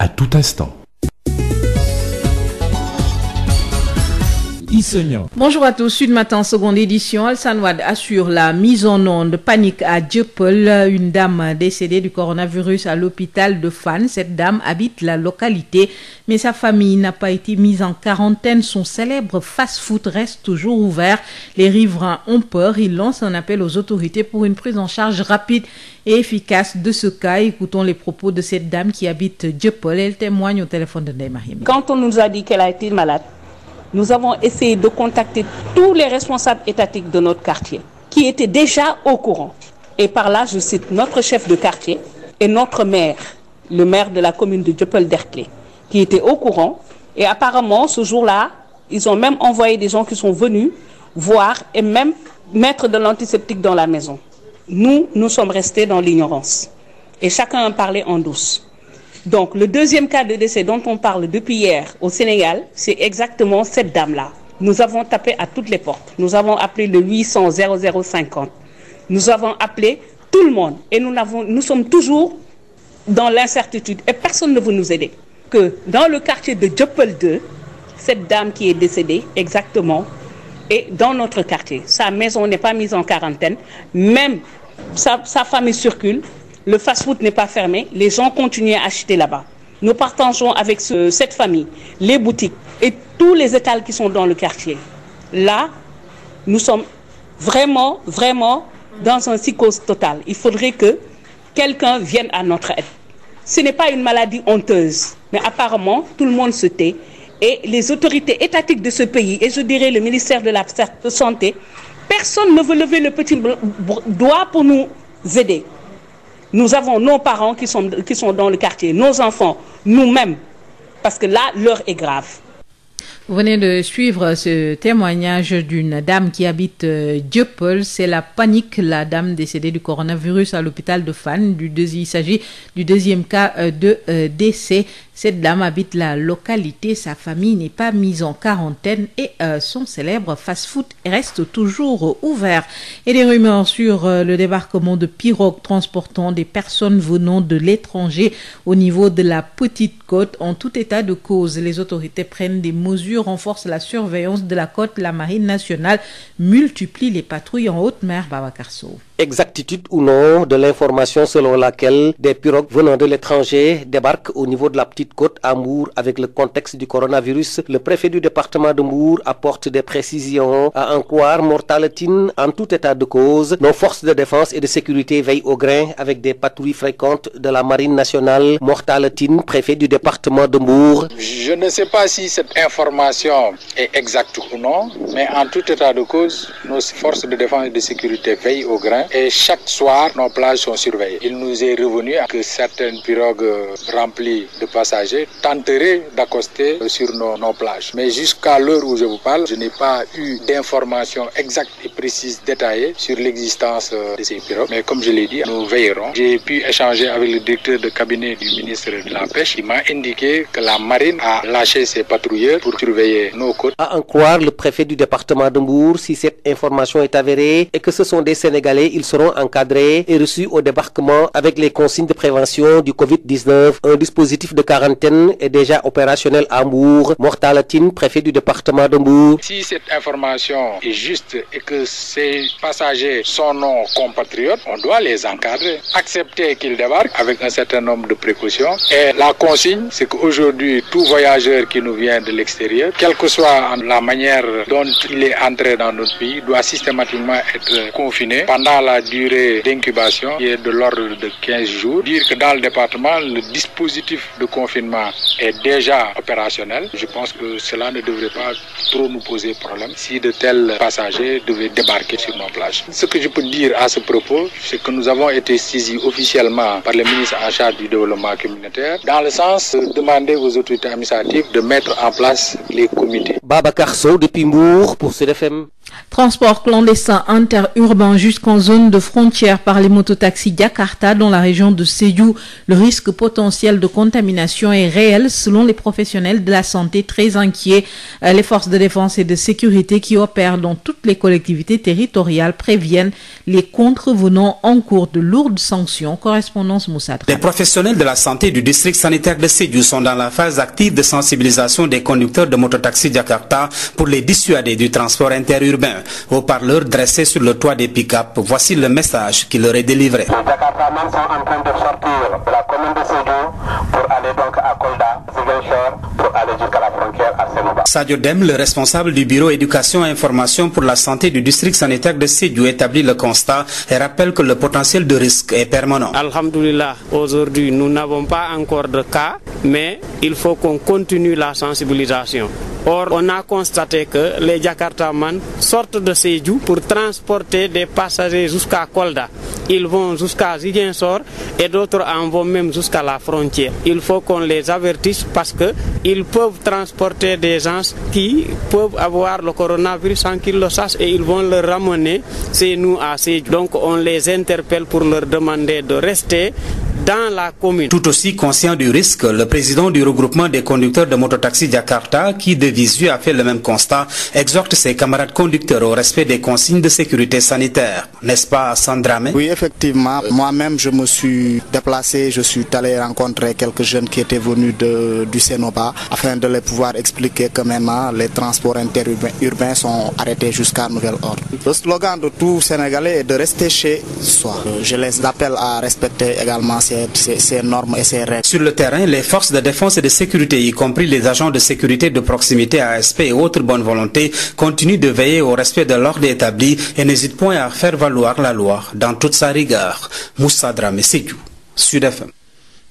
à tout instant. Issegnan. Bonjour à tous. Sud Matin, seconde édition. Alsan Wad assure la mise en onde panique à Dieuppeul. Une dame décédée du coronavirus à l'hôpital de Fann. Cette dame habite la localité, mais sa famille n'a pas été mise en quarantaine. Son célèbre fast-food reste toujours ouvert. Les riverains ont peur. Ils lancent un appel aux autorités pour une prise en charge rapide et efficace de ce cas. Écoutons les propos de cette dame qui habite Dieuppeul. Elle de a nous avons essayé de contacter tous les responsables étatiques de notre quartier qui étaient déjà au courant. Et par là, je cite notre chef de quartier et notre maire, le maire de la commune de Dieuppeul-Derklé, qui était au courant. Et apparemment, ce jour-là, ils ont même envoyé des gens qui sont venus voir et même mettre de l'antiseptique dans la maison. Nous, nous sommes restés dans l'ignorance. Et chacun en parlait en douce. Donc le deuxième cas de décès dont on parle depuis hier au Sénégal, c'est exactement cette dame-là. Nous avons tapé à toutes les portes. Nous avons appelé le 800 0050. Nous avons appelé tout le monde et nous n'avons nous sommes toujours dans l'incertitude et personne ne veut nous aider. Que dans le quartier de Dieuppeul 2, cette dame qui est décédée exactement est dans notre quartier. Sa maison n'est pas mise en quarantaine, même sa, sa famille circule. Le fast-food n'est pas fermé, les gens continuent à acheter là-bas. Nous partageons avec ce, cette famille les boutiques et tous les étals qui sont dans le quartier. Là, nous sommes vraiment, vraiment dans un psychose total. Il faudrait que quelqu'un vienne à notre aide. Ce n'est pas une maladie honteuse, mais apparemment, tout le monde se tait. Et les autorités étatiques de ce pays, et je dirais le ministère de la Santé, personne ne veut lever le petit doigt pour nous aider. nous avons nos parents qui sont qui sont dans le quartier nos enfants nous-mêmes parce que là l'heure est grave Vous venez de suivre ce témoignage d'une dame qui habite euh, Dieuppeul. C'est la panique, la dame décédée du coronavirus à l'hôpital de Fann. Du deuxième, il s'agit du deuxième cas euh, de euh, décès. Cette dame habite la localité, sa famille n'est pas mise en quarantaine et son célèbre fast-food reste toujours ouvert. Et des rumeurs sur le débarquement de pirogues transportant des personnes venant de l'étranger au niveau de la Petite Côte. En tout état de cause, les autorités prennent renforce la surveillance de la côte. La marine nationale multiplie les patrouilles en haute mer. Babacar exactitude ou non de l'information selon laquelle des pirogues venant de l'étranger débarquent au niveau de la petite côte à Mbour avec le contexte du coronavirus, le préfet du département de Mbour apporte des précisions à en croire Mortaletine en tout état de cause. Nos forces de défense et de sécurité veillent au grain avec des patrouilles fréquentes de la marine nationale. Mortaletine, préfet du département de Mbour. Je ne sais pas si cette information et chaque soir, nos plages sont surveillées. Il nous est revenu que certaines pirogues euh, remplies de passagers tenteraient d'accoster euh, sur nos, nos, plages. Mais jusqu'à l'heure où je vous parle, je n'ai pas eu d'informations exactes et précises détaillées sur l'existence euh, de ces pirogues. Mais comme je l'ai dit, nous veillerons. J'ai pu échanger avec le directeur de cabinet du ministre de la Pêche. Il m'a indiqué que la marine a lâché ses patrouilleurs pour surveiller nos côtes. À en de Mbour, si information est avérée ils seront encadrés et reçus au débarquement avec les consignes de prévention du Covid-19. Un dispositif de à Mbour. Mortala Tine, préfet du département de Mbour. Si cette information est et que ces passagers sont nos compatriotes, on doit les encadrer, accepter qu'ils débarquent avec de précautions. Et la consigne, c'est qu'aujourd'hui, tout voyageur qui nous de l'extérieur, quelle que soit la manière dont il est entré la durée d'incubation qui est de l'ordre de 15 jours. Dire que dans le département, le dispositif de confinement est déjà opérationnel, je pense que cela ne devrait pas trop nous poser problème si de tels passagers devaient débarquer sur nos plages. Ce que je peux dire à ce propos, c'est que nous avons été saisis officiellement par le ministre en charge du développement communautaire dans le sens de demander aux autorités administratives de mettre en place les comités. Babacar Sow depuis Transport clandestin interurbain jusqu'en zone de frontière par les mototaxis Jakarta dans la région de Sédhiou. Le risque potentiel de contamination est réel selon les professionnels de la santé très inquiets. Euh, les forces de défense et de sécurité qui opèrent dans toutes les collectivités territoriales préviennent les contrevenants en cours de lourdes sanctions. Correspondance Moussa Dramé. Les professionnels de la santé du district sanitaire de Sédhiou urbains. Aux parleurs dressés sur le toit pick-up, voici le message qui leur est délivré. Les Jakartamans sont en train de sortir de la commune de Sédou pour aller donc à Kolda, Ziguinchor, le responsable du bureau éducation et information pour la santé du district sanitaire de Sédou, établit le constat et rappelle que le potentiel de risque est permanent. Alhamdulillah, aujourd'hui, nous n'avons pas encore de cas, mais il faut qu'on continue la sensibilisation. Or, on a constaté que sortent de Sédhiou pour transporter des passagers jusqu'à Kolda. Ils vont jusqu'à Ziguinchor et d'autres en vont même jusqu'à la frontière. Il faut qu'on les avertisse parce que ils peuvent transporter des gens qui peuvent avoir le coronavirus sans qu'ils le sachent et ils vont le ramener chez nous à Sédhiou. Donc on les interpelle pour leur demander de rester dans la commune. Tout aussi conscient du risque, le président du regroupement des conducteurs de mototaxi qui de visu a fait le même constat, exhorte ses camarades conducteurs au respect des consignes de sécurité sanitaire, n'est-ce pas Sandramé Oui, effectivement. Moi-même, je me suis déplacé, je suis allé rencontrer quelques jeunes qui étaient venus de, du Sénoba afin de les pouvoir expliquer que maintenant les transports interurbains sont arrêtés jusqu'à nouvel ordre. Le slogan de tout Sénégalais est de à respecter également ces, ces, ces normes et ces règles. Sur le terrain, les forces de défense et de sécurité, y compris les agents de sécurité de proximité ASP et autres au respect de l'ordre établi et n'hésite point à faire valoir la loi dans toute sa rigueur. Moussa Dramé Sédhiou, Sud FM.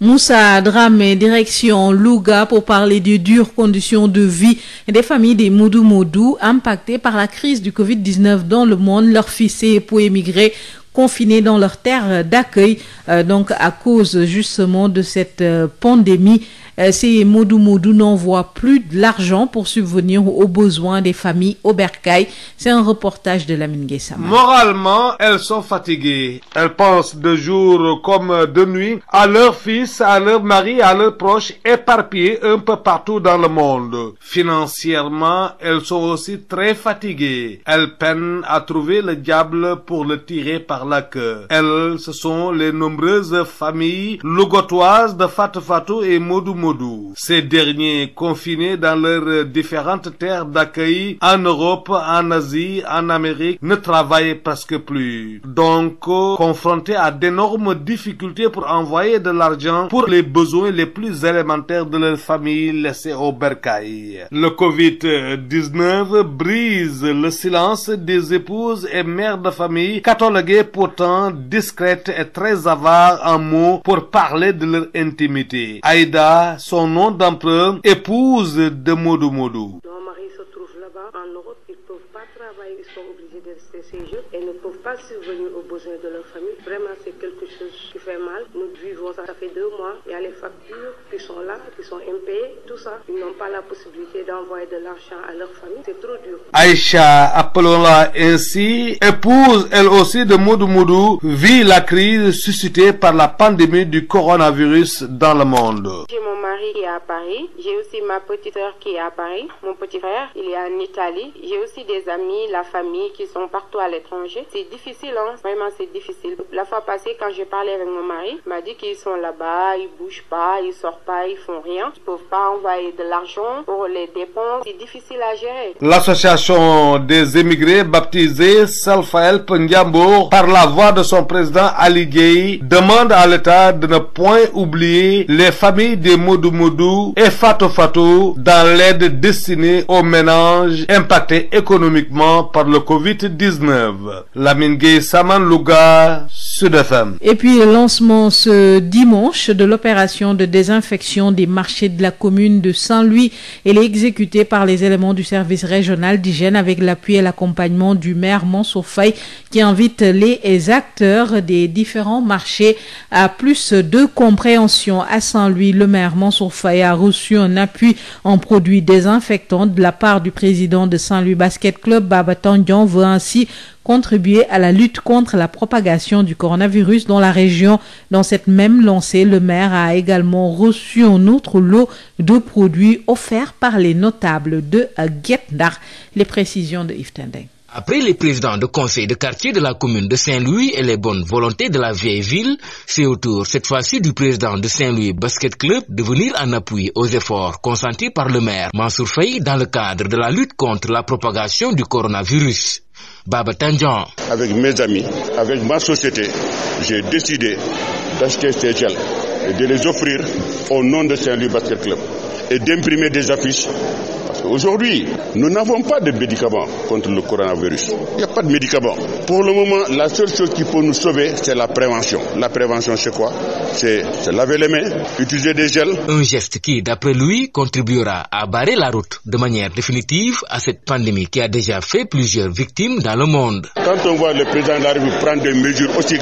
Moussa Dramé, direction Louga pour parler des dures conditions de vie des familles des Modou Modou impactées par la crise du Covid-19 dans le monde. Leurs fils et époux émigrés confinés dans leur terre d'accueil, euh, donc à cause justement de cette euh, pandémie. Euh, ces moudou-moudou n'envoient plus de l'argent pour subvenir aux besoins des familles au bercail. C'est un reportage de Lamine Guessama. Moralement, elles sont fatiguées. Elles pensent de jour comme de nuit à leurs fils, à leurs maris, à leurs proches éparpillés un peu partout dans le monde. Financièrement, elles sont aussi très fatiguées. Elles peinent à trouver le diable pour le tirer par la queue. Elles, sont les nombreuses familles logotoises de Fatou Fatou et Mamadou. Ces derniers, confinés dans leurs euh, différentes terres d'accueil en Europe, en Asie, en Amérique, ne travaillaient presque plus. Donc, euh, confrontés à d'énormes difficultés pour envoyer de l'argent pour les besoins les plus élémentaires de leur famille laissée au bercail. Le Covid-19 brise le silence des épouses et mères de famille, cataloguées pourtant discrètes et très avares en mots pour parler de leur intimité. a son nom d'emprunt, épouse de Modou Modou. Mon mari se trouve là-bas en Europe, ils ne peuvent pas travailler, ils sont obligés de rester chez eux et ne peuvent pas subvenir aux besoins de leur famille. Vraiment, c'est quelque chose qui fait mal. Nous vivons ça, ça fait deux mois, il y les factures. qui sont la possibilité d'envoyer de l'argent à leur famille. C'est trop dur. Aïcha, appelons-la ainsi, épouse elle aussi de Modou Modou, vit la crise suscitée par la pandémie du coronavirus dans le monde. J'ai mon mari qui est à Paris. J'ai aussi ma petite sœur qui est à Paris. Mon petit frère, il est en Italie. J'ai aussi des amis, la famille qui sont partout à l'étranger. C'est difficile, Vraiment, c'est difficile. La fois passée, quand j'ai parlé avec mon pas, ils font rien. Ils peuvent pas envoyer de l'argent pour les dépenses. L'association des émigrés baptisée Salfael Ndiambour, par la voix de son président Ali Gueye, demande à l'État de ne point oublier les familles des Modou Modou et Fatou Fatou dans l'aide destinée aux ménages impacté économiquement par le Covid-19. Lamine Gueye Saman Louga, Sud FM. Et puis, lancement ce dimanche de l'opération de l'inspection des marchés de la commune de Saint-Louis. Elle est exécutée par les éléments du service régional d'hygiène avec l'appui et l'accompagnement du maire Mansour Faye qui invite les acteurs des différents marchés à plus de compréhension. À Saint-Louis, le maire Mansour Faye a reçu un appui en produits désinfectants de la part du président de Saint-Louis Basket Club, Baba Tandian, ainsi contribuer à la lutte contre la propagation du coronavirus dans la région. Dans cette même lancée, le maire a également reçu un autre lot de produits offerts par les notables de Guet-Ndar. Les précisions de Yves Tendeng. Après les présidents de conseil de quartier de la commune de Saint-Louis et les bonnes volontés de la vieille ville, c'est au cette fois-ci du président de Saint-Louis Basket Club de venir en appui aux efforts consentis par le maire Mansour Faye dans le cadre de la lutte contre la propagation du coronavirus. Baba Tandian. Avec mes amis, avec ma société, j'ai décidé d'acheter ces gels et de les offrir au nom de Saint-Louis Basket Club. et d'imprimer des affiches. Parce qu'aujourd'hui, nous n'avons pas de médicaments contre le coronavirus. Il n'y a pas de médicaments. Pour le moment, la seule chose qui peut nous sauver, c'est la prévention. La prévention, c'est quoi utiliser des gels. Un geste qui, d'après lui, contribuera à barrer la route de manière définitive à cette pandémie qui a déjà fait plusieurs victimes dans le monde. Quand on voit le président de la République prendre des mesures aussi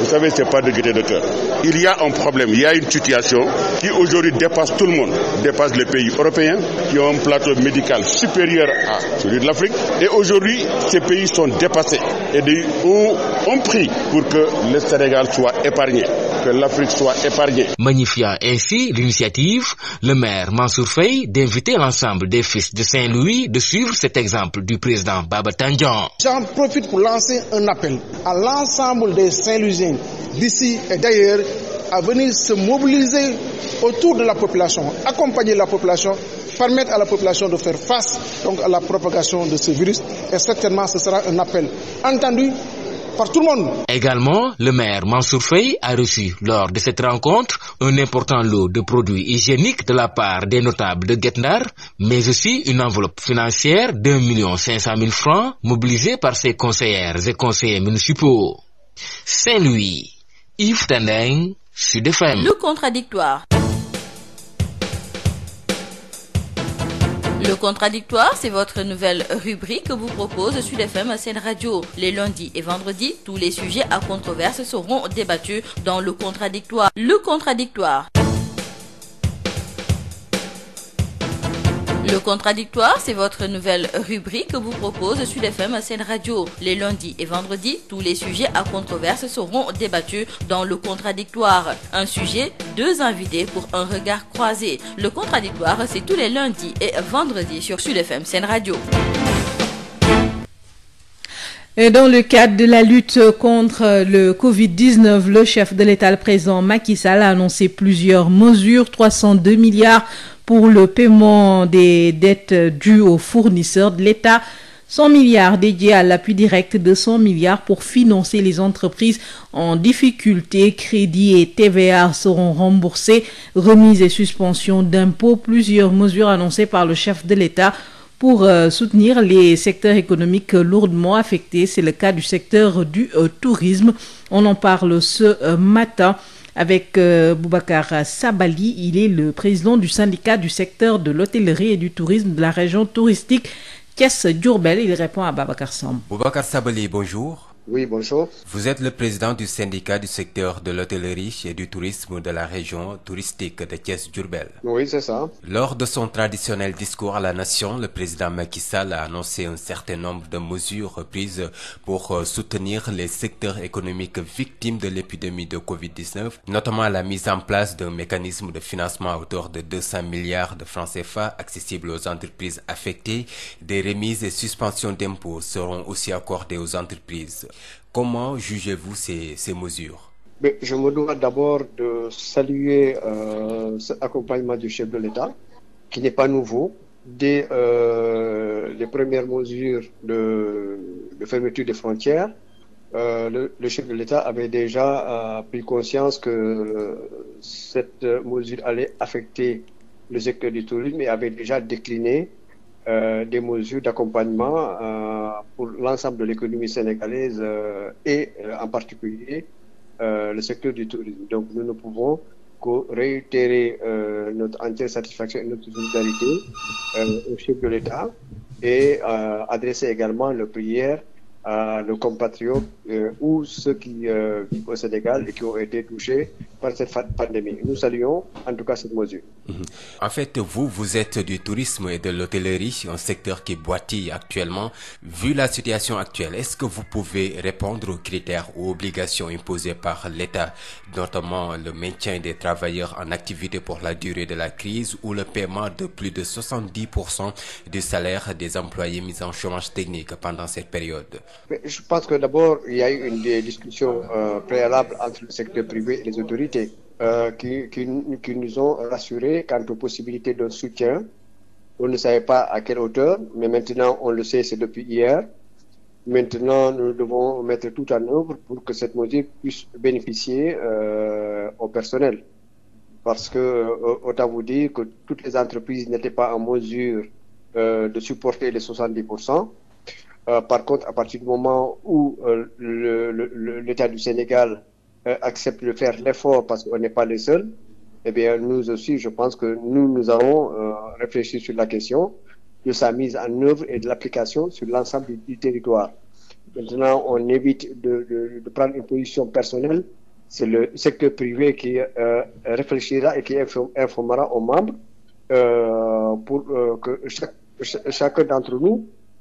Vous savez, c'est pas de gaieté de cœur. Il y a un problème, il y a une situation qui aujourd'hui dépasse tout le monde, dépasse les pays européens qui ont un plateau médical supérieur à celui de l'Afrique. Et aujourd'hui, ces pays sont dépassés et ont, ont pris pour que le Sénégal soit épargné, que l'Afrique soit épargnée. Magnifiant ainsi l'initiative, le maire Mansour Faye d'inviter l'ensemble des fils de Saint-Louis de suivre cet exemple du président Baba citoyens d'ici et d'ailleurs à venir se mobiliser autour de la population, accompagner la population, permettre à la population de faire face donc, à la propagation de ce virus. Et certainement, ce sera un appel entendu par tout le monde. Également, le maire Mansour a reçu lors de cette rencontre un important lot de produits hygiéniques de la part des notables de Guetnar, mais aussi une enveloppe financière de 1 500 000 francs mobilisée par ses conseillères Saint-Louis, Yves Tendeng, Sud FM. Le contradictoire. Le c'est votre nouvelle rubrique que vous propose Sud FM Sen Radio. Les lundis et vendredis, tous les sujets à controverse seront débattus dans Le contradictoire. Le contradictoire, c'est votre nouvelle rubrique que vous propose Sud FM Sen Radio. Les lundis et vendredis, tous les sujets à controverse seront débattus dans le contradictoire. Un sujet, deux invités pour un regard croisé. Le contradictoire, c'est tous les lundis et vendredis sur Sud FM Sen Radio. Dans le cadre de la lutte contre le Covid-19, le chef de l'État, le président Macky Sall, a annoncé plusieurs mesures, 302 milliards pour le paiement des dettes dues aux fournisseurs de l'État. 100 milliards dédiés à l'appui direct de 100 milliards pour financer les entreprises en difficulté. Crédits et TVA seront remboursés, remises et suspensions d'impôts, plusieurs mesures annoncées par le chef de l'État pour euh, soutenir les secteurs économiques lourdement affectés. C'est le cas du secteur du euh, tourisme. On en parle ce euh, matin avec euh, Boubacar Sabali. Il est le président du syndicat du secteur de l'hôtellerie et du tourisme de la région touristique Thiès-Diourbel. Il répond à Babacar Samb. Boubacar Sabali, bonjour. Oui, bonjour. Vous êtes le président du syndicat du secteur de l'hôtellerie et du tourisme de la région touristique de nation, le président Macky Sall a annoncé un certain nombre de mesures euh, les secteurs économiques victimes de de Covid-19, notamment la en place d'un mécanisme de financement de 200 milliards de francs CFA accessible aux entreprises affectées. Des remises et suspensions d'impôts Comment jugez-vous ces, ces mesures Je me dois d'abord de saluer euh, cet accompagnement du chef de l'État, qui n'est pas nouveau. Dès euh, les premières mesures de, de fermeture des frontières, euh, le, le, chef de l'État avait déjà euh, pris conscience que cette mesure allait affecter le secteur du tourisme et avait déjà décliné Euh, des mesures d'accompagnement euh, pour l'ensemble de l'économie sénégalaise euh, et en particulier le secteur du tourisme. Donc nous ne pouvons que réitérer notre entière satisfaction et notre solidarité au chef de l'État et adresser également nos prières à nos compatriotes euh, ou ceux qui euh, vivent au Sénégal et par cette en tout cas cette mesure. Mmh. En fait, vous, vous êtes du tourisme et de l'hôtellerie, un Vu la situation actuelle, est-ce que vous pouvez répondre aux critères ou obligations imposées par l'État, notamment le maintien des travailleurs en activité pour la durée de la crise ou le paiement de plus de 70% du salaire des employés mis en chômage technique pendant cette période? Mais je pense que y a eu une discussion euh, préalable entre le secteur privé et les autorités euh, qui, nous ont rassurés quant aux possibilités d'un soutien. On ne savait pas à quelle hauteur, mais maintenant le sait, c'est depuis hier. Maintenant, nous devons mettre tout en œuvre pour que cette mesure puisse bénéficier euh, au Parce que, euh, autant vous dire que toutes les entreprises n'étaient pas en mesure euh, de supporter les 70%. Euh, par contre, à partir du moment où euh, l'État du Sénégal euh, accepte de faire l'effort parce qu'on n'est pas les seuls, eh bien, nous aussi, je pense que nous, nous avons réfléchi sur la question de sa mise en œuvre et de l'application sur l'ensemble du, du, territoire. Maintenant, on évite de, de, de prendre une position personnelle. C'est le secteur privé qui euh, réfléchira et qui informera aux membres euh, pour euh, que chaque, ch chacun d'entre nous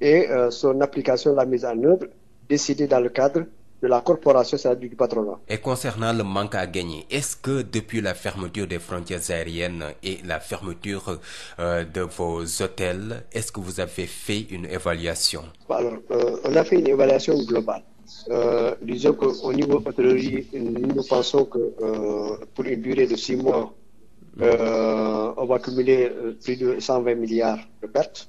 et euh, son application, la mise en œuvre, décidée dans le cadre de la corporation, c'est-à-dire du patronat. Et concernant le manque à gagner, est-ce que depuis la fermeture des frontières aériennes et la fermeture euh, de vos hôtels, est-ce que vous avez fait une évaluation euh, globale. Euh, disons qu'au nous pensons que pour une durée de six mois, on va cumuler plus de milliards de pertes.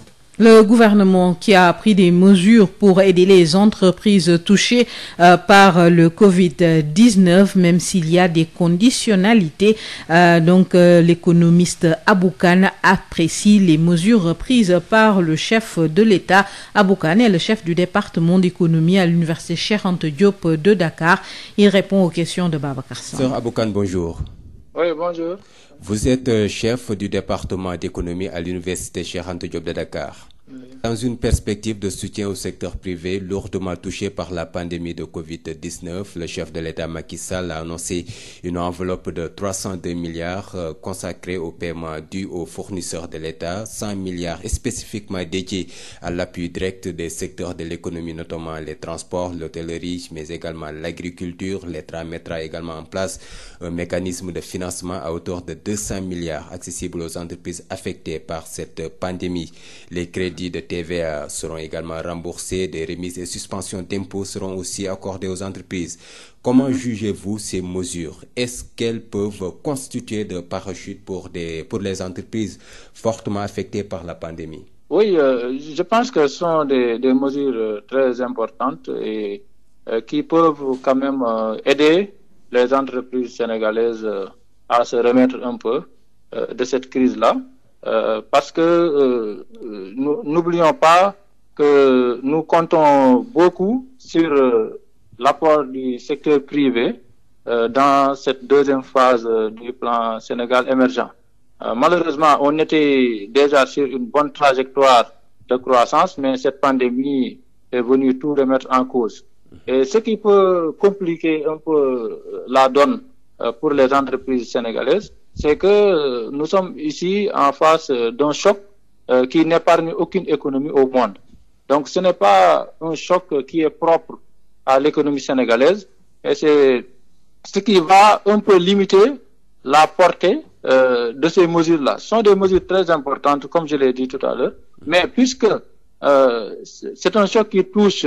Le gouvernement qui a pris des pour aider les entreprises touchées euh, par le Covid-19, même s'il y des conditionnalités, euh, donc euh, l'économiste Aboukan apprécie les mesures prises par le chef de l'État. Aboukan est le chef du département d'économie à l'université Cheikh Anta Diop de Dakar. de Babacar Sam. Vous êtes euh, chef du département d'économie à l'université Cheikh Anta Diop de Dakar. Dans une perspective de soutien au secteur privé lourdement touché par la pandémie de Covid-19, le chef de l'État Macky Sall a annoncé une enveloppe de 302 milliards euh, consacrée aux paiements dus aux fournisseurs de l'État, 100 milliards spécifiquement dédiés à l'appui direct des secteurs de l'économie, notamment les transports, l'hôtellerie, mais également l'agriculture. L'État mettra également en place un mécanisme de financement à hauteur de 200 milliards accessible aux entreprises affectées par cette pandémie. Les crédits crédits de TVA seront également remboursés, des remises et suspensions d'impôts seront aussi accordées aux entreprises. Comment mhm. jugez-vous ces mesures? Est-ce qu'elles peuvent constituer de parachutes pour des pour les entreprises fortement affectées par la pandémie? Oui, euh, je pense que ce sont des des mesures euh, très importantes et euh, qui peuvent quand même euh, aider les entreprises sénégalaises euh, à se remettre un peu de cette crise-là. Euh, parce que euh, euh, nous n'oublions pas que nous comptons beaucoup sur l'apport du secteur privé dans cette deuxième phase du plan Sénégal émergent. Malheureusement, on était déjà sur une bonne trajectoire de croissance, mais cette pandémie est venue tout remettre en cause. Et ce qui peut compliquer un peu la donne pour les entreprises sénégalaises, c'est que nous sommes ici en face d'un choc euh, qui n'épargne aucune économie au monde. Donc ce n'est pas un choc qui est propre à l'économie sénégalaise, et c'est ce qui va un peu limiter la portée euh, de ces mesures-là. Ce sont des mesures très importantes, comme je l'ai dit tout à l'heure, mais puisque euh, c'est un choc qui touche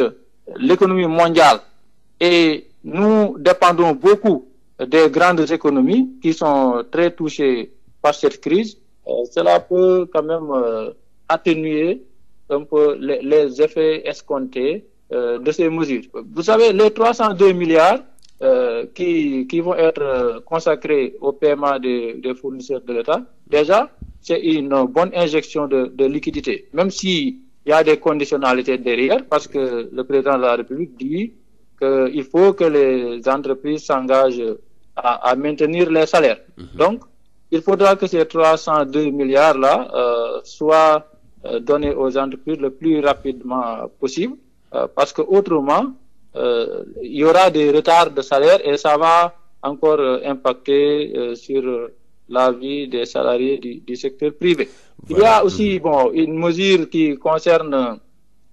l'économie mondiale et nous dépendons beaucoup des grandes économies qui sont très touchées par cette crise, euh, cela peut quand même euh, atténuer un peu les, les effets escomptés euh, de ces mesures. Vous savez, les 302 milliards euh, qui, qui vont être euh, consacrés au paiement des, des fournisseurs de l'État, déjà, c'est une bonne injection de, de liquidité, même s'il y a des conditionnalités derrière, parce que le président de la République dit il faut que les entreprises s'engagent à, à, maintenir les salaires. Mmh. Donc, il faudra que ces 302 milliards-là euh, soient euh, donnés aux entreprises le plus rapidement possible, euh, parce que autrement, euh, il y aura des retards de salaire et ça va encore euh, impacter sur la vie des salariés du, du secteur privé. Il y a aussi mhm. une mesure qui concerne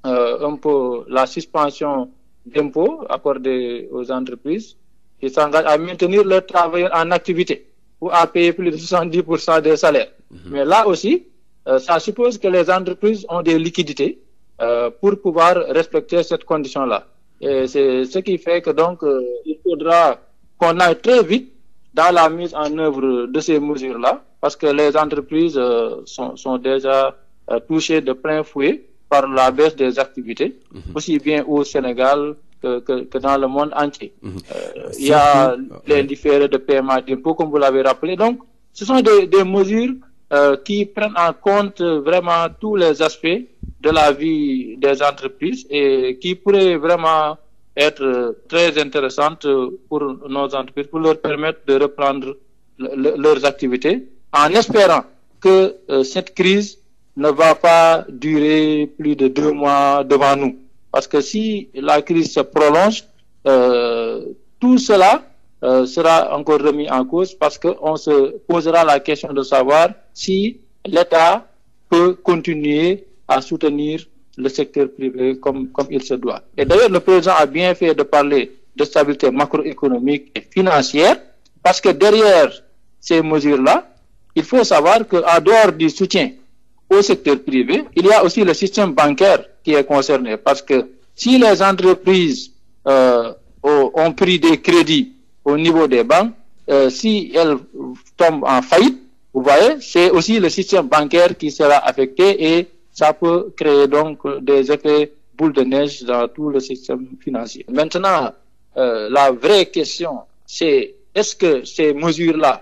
un peu la suspension d'impôts accordés aux entreprises qui s'engagent à maintenir leurs travailleurs en activité à payer plus de 70 pour cent des salaires. Mm -hmm. aussi, euh, ça suppose que les entreprises ont des liquidités euh, pour pouvoir respecter cette condition-là. Et mhm. c'est ce qui que donc euh, il faudra qu'on aille dans la mise en œuvre de ces mesures-là, que les entreprises euh, sont, sont déjà euh, touchées de plein fouet par la baisse des activités, mmh. aussi bien au Sénégal que, que, que dans le monde entier. Mmh. Euh, il y a les différés de paiement d'impôts, comme vous l'avez rappelé. Donc, ce sont des, des mesures euh, qui prennent en compte vraiment tous les aspects de la vie des entreprises et qui pourraient vraiment être très intéressantes pour nos entreprises, pour leur permettre de reprendre le, le, leurs activités, en espérant que euh, cette crise ne va pas durer plus de deux mois devant nous. Parce que si la crise se prolonge, euh, tout cela euh, sera encore remis en cause parce qu'on se posera la question de savoir si l'État peut continuer à soutenir le secteur privé comme, comme il se doit. Et d'ailleurs, le président a bien fait de parler de stabilité macroéconomique et financière parce que derrière ces mesures-là, il faut savoir qu'en dehors du soutien au secteur privé, il y a aussi le système bancaire qui est concerné parce que si les entreprises euh, ont pris des crédits au niveau des banques, euh, si elles tombent en faillite, vous voyez, c'est aussi le système bancaire qui sera affecté et ça peut créer donc des effets boule de neige dans tout le système financier. Maintenant, euh, la vraie question, c'est est-ce que ces mesures-là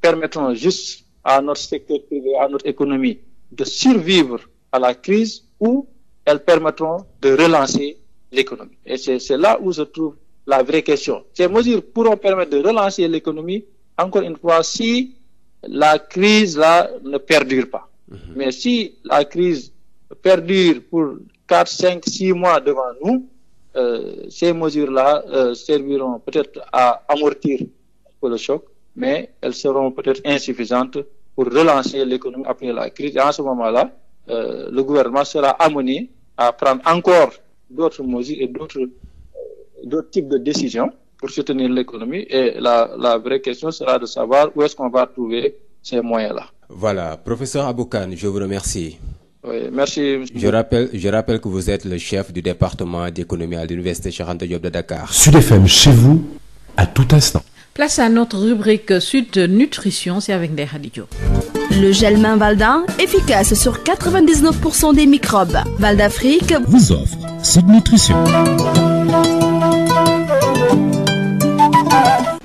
permettront juste à notre secteur privé, à notre économie, de survivre à la crise ou elles permettront de relancer l'économie. Et c'est là où se trouve la vraie question. Ces mesures pourront permettre de relancer l'économie, encore une fois, si la crise là ne perdure pas. Mhm. Mais si la crise perdure pour quatre cinq 6 mois devant nous, euh, ces mesures-là euh, serviront peut-être à amortir pour le choc, mais elles seront peut-être insuffisantes pour relancer l'économie après la crise. Et en ce moment-là, le gouvernement sera amené à prendre encore d'autres mesures et eh, d'autres types de décisions pour soutenir l'économie. Et la, la vraie question sera de savoir où est-ce qu'on va trouver ces moyens-là. Voilà. Professeur Aboukane, je vous remercie. Je rappelle, que vous êtes le chef du département d'économie à l'université Cheikh Anta Diop de Dakar. Place à notre rubrique Sud Nutrition, c'est avec Ndeye Khady Diop. Le gel main Valdin, efficace sur des microbes. Val d'Afrique vous offre Sud Nutrition.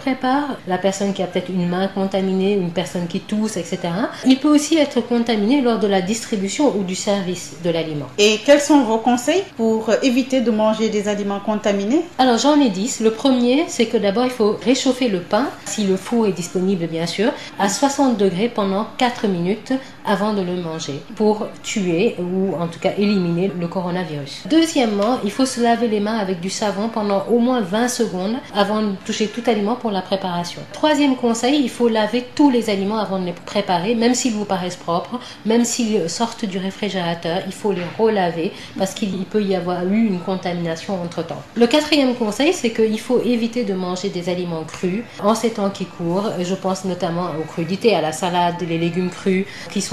prépare, la personne qui a peut-être une main contaminée, une personne qui tousse, etc., il peut aussi être contaminé lors de la distribution ou du service de l'aliment. Et quels sont vos conseils pour éviter de manger des aliments contaminés Alors j'en ai 10. Le premier, c'est que d'abord il faut réchauffer le pain, si le four est disponible bien sûr, à 60 degrés pendant 4 minutes avant de le manger pour tuer ou en tout cas éliminer le coronavirus. Deuxièmement, il faut se laver les mains avec du savon pendant au moins 20 secondes avant de toucher tout aliment pour la préparation. Troisième conseil, il faut laver tous les aliments avant de les préparer, même s'ils vous paraissent propres, même s'ils sortent du réfrigérateur, il faut les relaver parce qu'il peut y avoir eu une contamination entre-temps. qui courent. Je pense notamment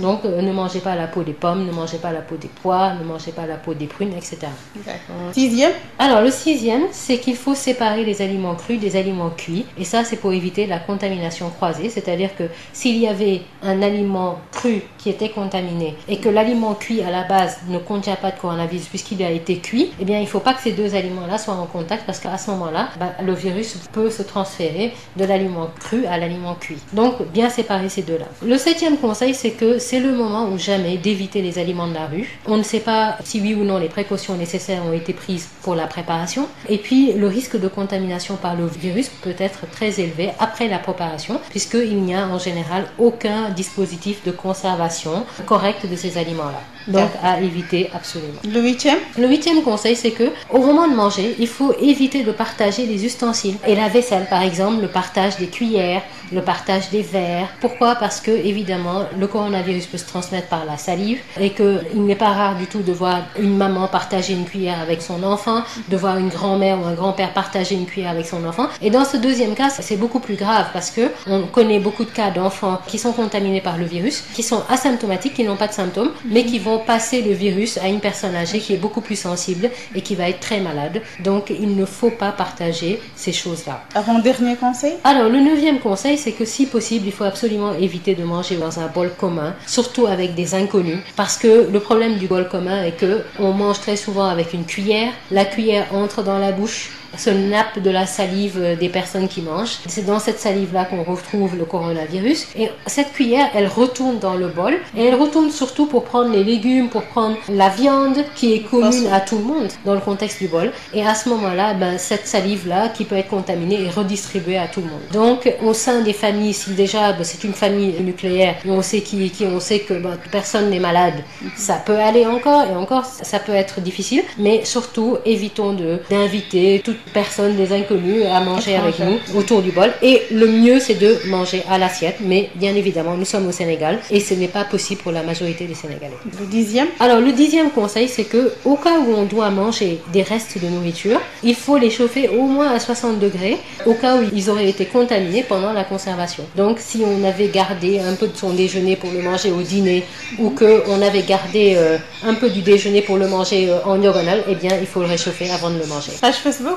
Donc euh, ne mangez pas la peau des pommes, ne mangez pas la peau des pois, ne mangez pas la peau des prunes, etc. D'accord. Alors le sixième, c'est qu'il faut séparer les aliments crus des aliments cuits. Et ça, c'est pour éviter la contamination croisée. C'est-à-dire que s'il y avait un aliment cru qui était contaminé et que l'aliment cuit à la base ne contient pas de coronavirus puisqu'il a été cuit, eh il ne faut pas que ces deux aliments-là à l'aliment que c'est le moment ou jamais d'éviter les aliments de la rue. On ne sait pas si oui ou non les précautions nécessaires ont été prises pour la préparation. Et puis le risque de contamination par le virus peut être très élevé après la préparation, puisqu'il n'y a en général aucun dispositif de conservation correct de ces aliments-là. donc à éviter absolument. Le huitième Le conseil, c'est que moment de manger, il faut éviter de partager les ustensiles et la vaisselle, par exemple, le partage des cuillères, le partage des verres. Pourquoi Parce que, évidemment, le coronavirus peut se transmettre par la salive et qu'il n'est pas rare du tout de voir une maman partager une cuillère avec son enfant, de voir une grand-mère ou un grand-père partager une cuillère avec son enfant. Et dans ce deuxième vont passer le virus à une personne âgée qui est beaucoup plus sensible et qui va être très malade. Donc, il ne faut pas partager ces choses-là. Avant-dernier conseil? Alors, le neuvième conseil, c'est que si possible, il faut absolument éviter de manger dans un bol commun, surtout avec des inconnus, parce que le problème du bol commun est que on mange très souvent avec une cuillère, la cuillère entre dans la bouche se nappe de la salive des personnes qui mangent. C'est dans cette salive-là qu'on retrouve le coronavirus. Et cette cuillère, elle retourne dans le bol. Et elle retourne surtout pour prendre les légumes, pour prendre la viande qui est commune à tout le monde dans le contexte du bol. Et à ce moment-là, cette salive-là qui peut être contaminée est redistribuée à tout le monde. Donc au sein des familles, si déjà c'est une famille nucléaire, on sait que personne personnes, des inconnus, à manger avec nous autour du bol. Et le mieux, c'est de manger à l'assiette. Mais bien évidemment, nous sommes au Sénégal et ce n'est pas possible pour la majorité des Sénégalais. Le dixième Alors, conseil, c'est que cas où on doit manger des restes de nourriture, il faut les chauffer au moins degrés au cas où ils auraient été contaminés pendant la conservation. si on avait gardé un peu de son déjeuner pour le manger au dîner ou qu'on avait gardé euh, euh, en diagonale, eh il faut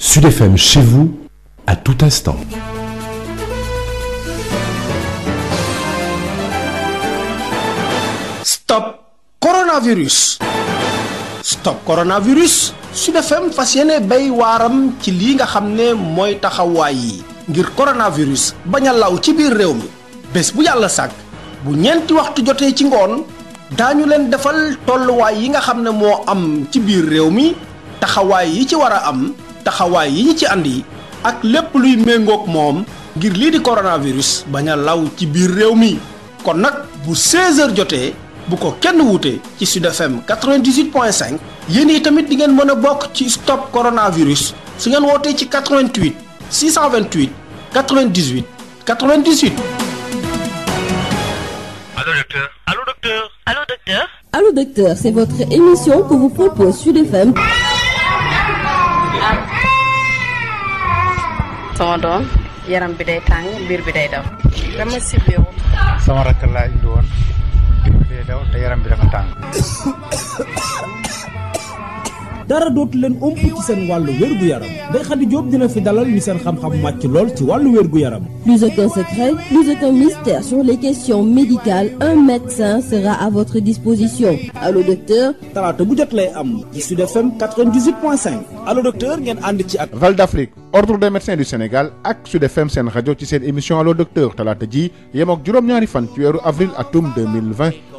Sud FM chez vous, à tout instant. Stop coronavirus. Stop fas yéene bay waaram ci lii nga xam ne mooy taxawaay yi ngir coronavirus bañ a law ci biir réew mi bés bu yàlla sàkk bu ñeenti waxtu jotee ci ngoon daañu leen defal tolluwaay yi nga xam ne moo am ci biir réew mi taxawaay yi ci war a am. taxawaay yi ñu ci indi yi ak lépp luy méngook moom ngir lii di coronavirus bañ law ci biir réew mi kon nag bu 16h jotee bu ko kenn wuute ci Sud FM 98.5 yéen yi tamit di ngeen mën a bokk ci stop coronavirus su ngeen wootee ci 88 628 98 98. Allô docteur. Allô docteur. Allô sama doom yaram bi day tàng biir bi day daw. dama sibbiwu. sama rakk laa indi woon biir bi day daw te yaram bi dafa tàng. dara dootu leen ëmp ci seen wàll wér-gu-yaram Ndeye Khady Diop dina fi dalal ñu seen xam-xam màcc lool ci wàllu wér-gu-yaram plus aucun secret plus aucun mystère sur les questions médicales un médecin sera à votre disposition allo docteur talaata bu jot lay am ci Sud FM 98.5 allo docteur ngeen ànd ci ak Val d'Afrique ordre des médecins du Sénégal ak Sud FM seen rajo ci seen émission allo docteur talaata ji yem ak juróom-ñaari fan ci weeru avril atum 2020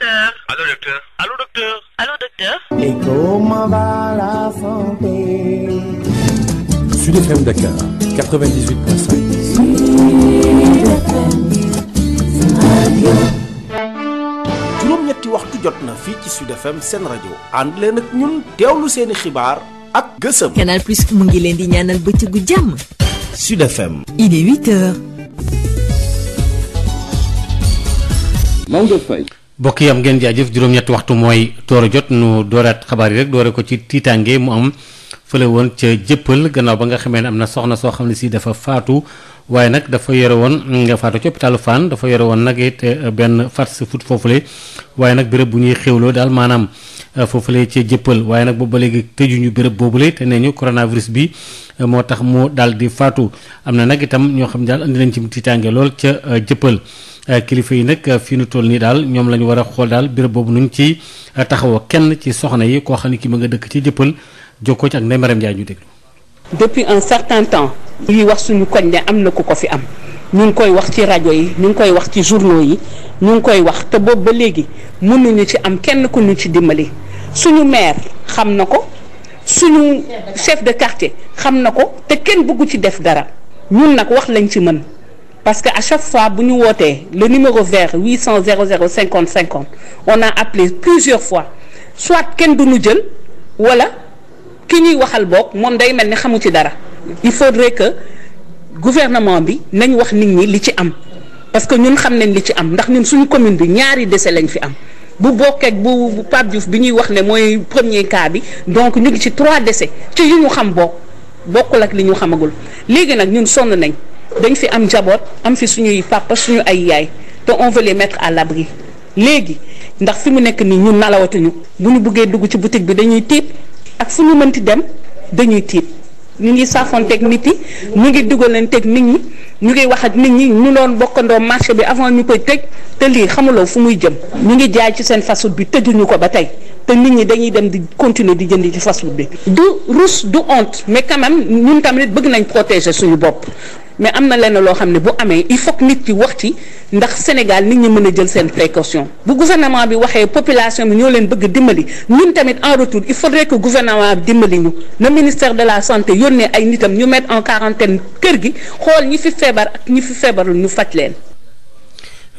docteur. Allô, juróom-ñetti waxtu jot na fii ci Sud FM seen rajo ànd leen ak ñun teewlu seeni xibaar ak gësëm. Canal Plus mu ngi leen di ñaanal bëccëgu jàmm. Sud FM. il est 8 bokk yi am ngeen jaajëf juróom-ñetti waxtu mooy door a jot nu dooraat xabaar yi rek doore ko ci tiitaange mu am fële woon ca jëppal gannaaw ba nga xamee ne am na soxna soo xam ne sii dafa faatu waaye nag dafa yore woon nga faatu ci hôpitalu Fann dafa yore woon nag it eh, benn fast foofu foofule waaye nag bërëb bu ñuy xéwloo daal maanaam foofu eh, foofule ca jëppal waaye nag boobu ba léegi tëjuñu béréb boobule te nee ñu coronavirus bi eh, moo tax mu daal di faatu am na nag itam ñoo xam ne daal andi nañ ci tiitaange lool ca jëppal Eh, kilifa yi nag eh, fi nu toll nii daal ñoom la ñu war a xool daal béréb boobu nu ñu ci eh, taxawoo kenn ci soxna yi koo xam ne ki ma nga dëkk ci jëppal jokkoo ci ak Ndeye Mariam Ndiaye ñu déglu. depuis un temps. ñuy wax suñu koñ de am na ko ko fi am. ñu ngi koy wax ci rajo yi ñu ngi koy wax ci journaux yi ñu ngi koy wax te boobu ba léegi mënuñu ci am kenn ku ñu ci dimbali suñu maire xam na ko suñu chef de quartier xam na ko te kenn bëggu ci def dara ñun nag wax lañ ci mën parce que à chaque fois bu ñu wootee le numéro vert 800 00 50 50 on a appelé plusieurs fois soit kenn du nu jël wala ki ñuy waxal boog moom day mel ni xamu ci dara il faudrait que gouvernement bi nañ wax nit ñi li ci am parce que ñun xam nañ li ci am ndax ñun suñu commune bi ñaari décès lañ fi am bu bokkeek bu bu Pape Diouf bi ñuy wax ne mooy premier cas bi donc ñu ngi ci trois décès ci yu ñu xam boog bokkul ak li ñu xamagul léegi nag ñun sonn nañ. dañ fi am njaboot am fi suñuy papa suñu ay yaay te on veut les mettre à l'abri léegi ndax fi mu nekk nii ñun nalawatuñu bu ñu buggee dugg ci boutique bi dañuy tiit ak fu ñu mënti dem dañuy tiit ñu ngi saafoonteeg nit yi ñu ngi teg nit ñi ñu ngi wax ak nit ñi ñu doon bokkandoo marché bi avant ñu koy tëj te lii xamuloo fu muy jëm ñu ngi jaay ci seen fast bi tëjuñu ko ba tey te nit ñi dañuy dem di continuer di jënd ci fast bi. du rus du honte mais quand tamit bëgg nañ protéger suñu bopp mais am na lenn loo xam ne bu amee il faut que nit ki wax ci ndax Sénégal nit ñi mën a jël seen précaution bu gouvernement bi waxee population bi ñoo leen bëgg dimbali ñun tamit en retour il faudrait que gouvernement dimbali ñu na ministère de la santé yónnee ay nitam ñu mettre en quarantaine kër gi xool ñi fi feebar ak ñi fi feebarul ñu faj leen.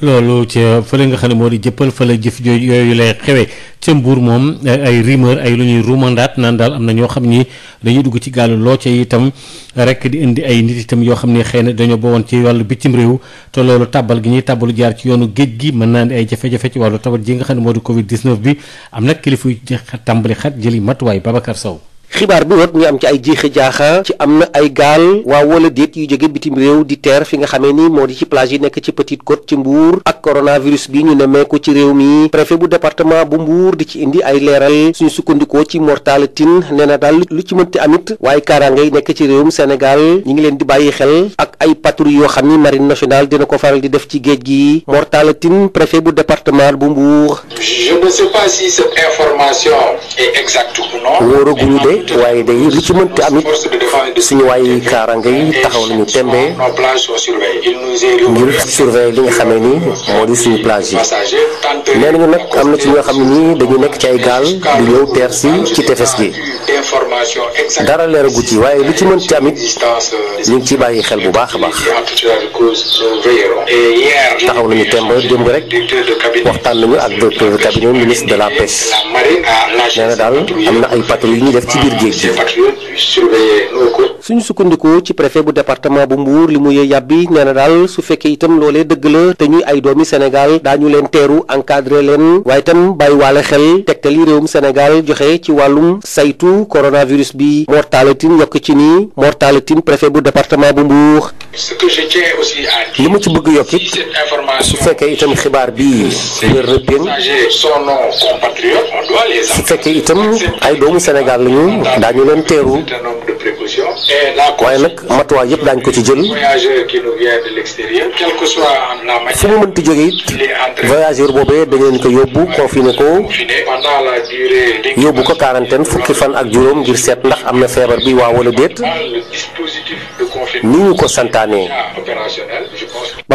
loolu ca fële nga xam ne moo di jëppal fële jëf jooju yooyu lay xewee ca mbuur moom ay rumeur ay lu ñuy rumandaat naan daal am na ñoo xam ni dañuy dugg ci gaalu loo ca itam rek di indi ay nit itam yoo xam ne xëy na dañoo bowoon ci wàllu bitim réew te loolu tàbbal gi ñuy tàbbalu jaar ci yoonu géej gi mën naa indi ay jafe-jafe ci wàllu tawat ji nga xam ne moo di covid 19 bi am nag kilifa yu tàmbali xat jëli matuwaay Babacar Sow xibaar bi rot ñu am ci ay jéexe jaaxa ci am na ay gaal waaw wala déet yu jóge bitim réew di teer fi nga xamee ni moo di ci plage yi nekk ci Petite Côte ci Mbour ak coronavirus bi ñu nemmeeku ci réew mi préfet bu département bu mbuur di ci indi ay leeral suñu sukkandikoo ci Mortalla Tine nee na daal lu ci mënti amit waaye kaaraange yi nekk ci réewum senegal ñi ngi leen di bàyyi xel ak ay patrouille yoo xam ni marine nationale dina ko faral di def ci géej gi Mortalla Tine préfet bu département bu Mbour. waaye day li ci mënti am it suñu waay kaaraange yi taxaw nañu tembe ngir surveiller li nga xamee ni moo di suñu plage yi. nee nañu nag am na ci ñoo xam ne nii dañu nekk ci ay gaal di ñëw teer si ci tefes gi. d'information exacte dara leeragu ci waaye lu ci mën tamit amit euh, ñu ngi bàyyi xel bu baax a baax taxaw nañu temb démb rek waxtaan nañu ak directeur cabinet ministre de la pêche nee na daal am na ay patrouille yu ñu def ci biir géej gi. suñu sukkandiku ci préfet bu département bu mbuur li mu yee yàbbi nee daal su fekkee itam loolee dëgg la te ñuy ay doomi Sénégal daañu leen teeru encadré leen waaye itam bàyyiwaale xel tegtal yi réewum Sénégal joxe ci wàllum saytu. nañu coronavirus bi Mortalla Tine yokk ci ni Mortalla Tine préfet bu département bu Mbour. li ma ci bëgg yokk su fekkee itam xibaar bi wér na bien su fekkee itam ay doomu Sénégal lañu daañu leen teeru. waaye nag matuwaay yëpp daañu ko ci jël fu mu mënti jóge it voyageur boobee dañ leen ko yóbbu confiné ko yóbbu ko quarantaine fukki fan ak juróom ngir seet ndax am na feebar bi waa wala déet ni ñu ko santaane.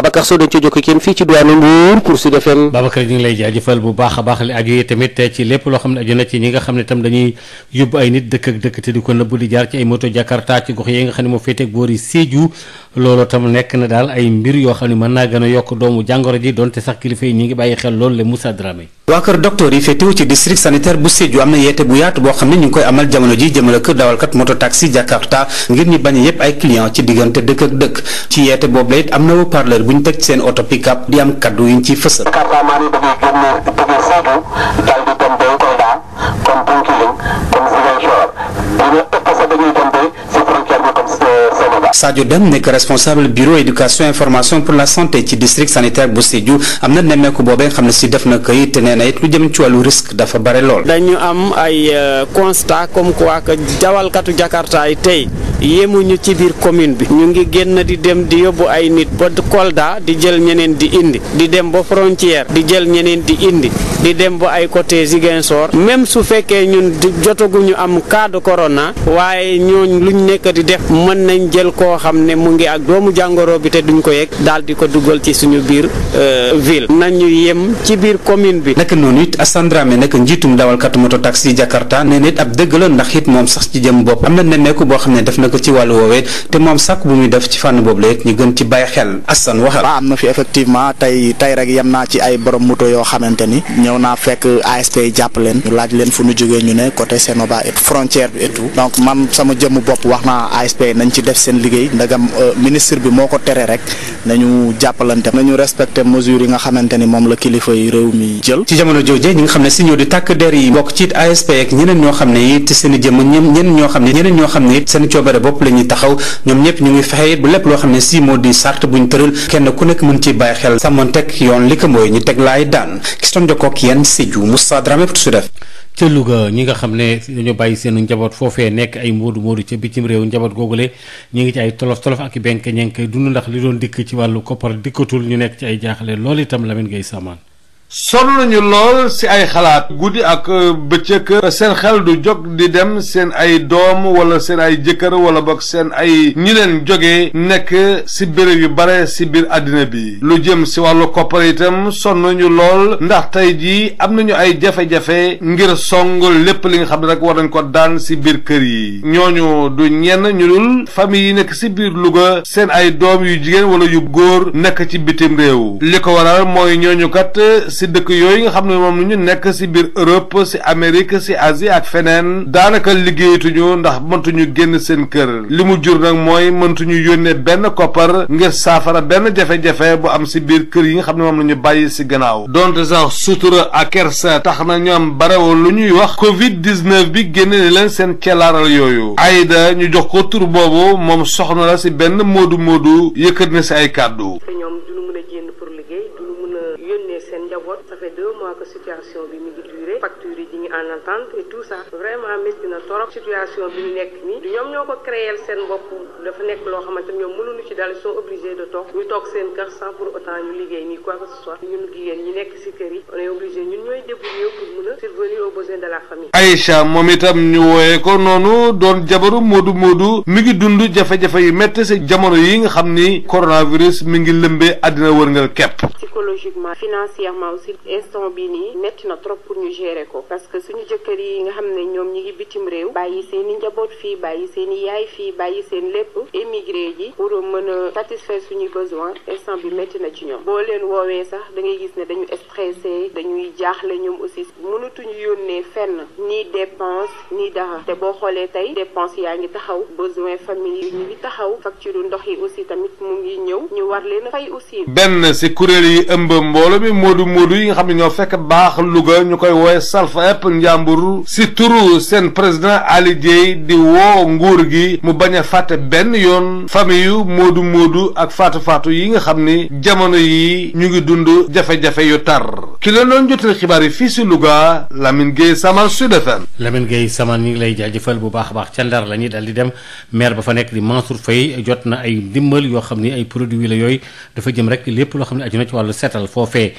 Babacar Sow dañ ci kenn fii ci diwaanu Mbour pour Sud FM Babacar ñu ngi lay jaajëfal bu baax a baax li aju yi tamit ci lépp loo xam ne aju na ci ñi nga xam ne tam dañuy yóbbu ay nit dëkk ak dëkk te di ko nëbb di jaar ci ay moto Jakarta ci gox yi nga xam ne moo féeteeg boor yi Sédhiou loolu tam nekk na daal ay mbir yoo xam ne mën naa gën a yokk doomu jàngoro ji donte sax kilifa yi ñu ngi bàyyi xel loolu le Moussa Dramé waa kër docteur yi féetewu ci district sanitaire bu Sédhiou am na yeete bu yaatu boo xam ne ñu ngi koy amal jamono ji jëmale kër dawalkat moto taxi Jakarta ngir ñu bañ yépp ay client ci diggante dëkk ak dëkk ci yeete boobu la it am na haut-parleur bu ñu teg seen auto pick-up di am kaddu yuñ ciy fësal. comme Touba. Sadio Deme nekk responsable bureau éducation information pour la santé ci district sanitaire bu Sédhiou am na nemmeeku boobee nga xam ne si def na ko te nee it lu jëm euh, commune bi ñu ngi génn di dem di yóbbu ay nit ba Kolda di jël ñeneen di indi di dem ba frontière di jël ñeneen di indi di dem ba ay côté Ziguinchor même su fekkee ñun jotaguñu am cas de corona waaye ñooñ luñ nekk di def mën nañ jël koo xam ne mu ngi ak doomu jàngoro bi te duñ ko yegg daal di ko dugal ci suñu biir euh, ville nañu yem ci biir commune bi. naka noonu it Assane Dramé nag njiitum dawalkatu moto taxi Jakarta nee na it ab dëgg la ndax it moom sax ci jëm bopp am na nemmeeku boo xam ne def na ko ci wàllu woowee te moom sàkk bu muy def ci fànn boobu la ñu gën ci bàyyi xel Assane waxal. waaw am na fi effectivement tey tey rek yem naa ci ay borom moto yoo xamante ni ñëw naa fekk ASP jàpp leen laaj leen fu ñu jógee ñu ne côté Sénoba et frontière bi et tout wax liggéey ndagam euh, ministre bi moo ko tere rek nañu jàppalante nañu respecté mesures yi nga xamante ni moom la kilifa yi réew mi jël. ci jamono jooje ñi nga xam ne si ñoo di tàkk der yi bokk ci ASP ak ñeneen ñoo xam ne it seen i jëmm ñeneen ñoo xam ne it seen coobare bopp la ñuy taxaw ñoom ñëpp ñu ngi fexe bu lépp loo xam ne si moo di sart buñ tëral kenn ku nekk mën ci bàyyi xel sàmmanteeg yoon li ko mooy ñu teg laay daan gis doon jokkoo ak yéen Sédhiou Moussa Dramé ca Louga ñi nga xam ne dañoo bàyyi seen njaboot foofee nekk ay moodu moodu ca bitim réew njaboot googule ñu ngi ci ay tolof tolof ak i benk ñenk dund ndax li doon dikk ci wàllu koppar dikkatul ñu nekk ci ay jaaxle loolu itam Lamine Gueye Samane sonn ñu lool ci ay xalaat guddi ak euh, bëccëg seen xel du jóg di dem seen ay doom wala seen ay jëkkër wala boog seen ay ñi leen jógee nekk ci bërëb yu bare ci biir àddina bi lu jëm ci wàllu koppar itam sonn ñu lool ndax tey jii am nañu ay jafe-jafe ngir song lépp li nga xam ne rek war nañ ko daan ci biir kër yi ñooñu du ñenn ñu dul famille yi nekk ci biir Louga seen ay doom yu jigéen wala yu góor nekk ci bitim réew li ko waral mooy ñooñu si dëkk yooyu nga xam ne moom lu ñu nekk si biir Europe si Amérique si asi ak feneen daanaka liggéeyatuñu ndax mëntuñu génn seen kër li mu jur nag mooy mëntuñu yónnee benn koppar ngir saafara benn jafe-jafe bu am si biir kër yi nga xam ne moom nañu bàyyi si gannaaw donte sax sutura ak kersa tax na ñoom barewul lu ñuy wax Covid 19 bi génne leen seen celaaral yooyu Aïda ñu jox ko tur boobu moom soxna la si benn moodu moodu yëkkat na si ay kàddu. njaboot ça fait deux mois situation bi mi ngi duré factures yi ñu ngi en attente et tout ça vraiment métti torop situation bi ñu nekk nii du ñoom ñoo ko créer seen bopp dafa nekk loo xamante ñoom mënuñu ci dal ils sont obligés de toog ñu toog seen kër sans pour autant ñu liggéey nii quoi que ce soit ñun jigéen ñi nekk si kër yi on est obligé ñun ñooy débrouiller pour mën a survenir aux besoins de la famille. Aïcha moom itam ñu wooyee ko noonu doon jabaru Modou Modou mi ngi dund jafe-jafe yi métti si jamono yi nga xam ni coronavirus mi ngi lëmbee àddina wërngal métti na trop pour ñu gérer ko parce que suñu jëkkër yi nga xam ne ñoom ñi ngi bitim réew bàyyi seen i njaboot fii bàyyi seen i yaay fii bàyyi seen lépp émigré ji pour mën a satisfaire suñuy besoin instant bi métti na ci ñoom boo leen woowee sax dangay gis ne dañu stressé dañuy jaaxle ñoom aussi mënatuñu yónnee fenn ni dépense ni dara te boo xoolee tey dépense yaa ngi taxaw besoin famille yi ñu ngi taxaw facture ndox yi aussi tamit mu ngi ñëw ñu war leen a fay aussi benn si kuréel yi yi nga xam ñoo fekk mbaax Louga ñu koy woowe salfep njàmbur si turu seen président Ali di woo nguur gi mu bañ a fàtte benn yoon famille yu moodu moodu ak faatu-faatu yi nga xam ni jamono yi ñu ngi dund jafe-jafe yu tar ki leen doon jotale xibaar yi fii si Louga Lamine Gueye Saman Sud FM Lamine Gueye Saman ñu ngi lay jaajëfal bu baax a baax ca Ndar la ñuy dal di dem maire ba fa nekk di Mansour Faye jot na ay ndimbal yoo xam ni ay produits la yooyu dafa jëm rek lépp loo xam ne aju na ci wàllu seetal foofee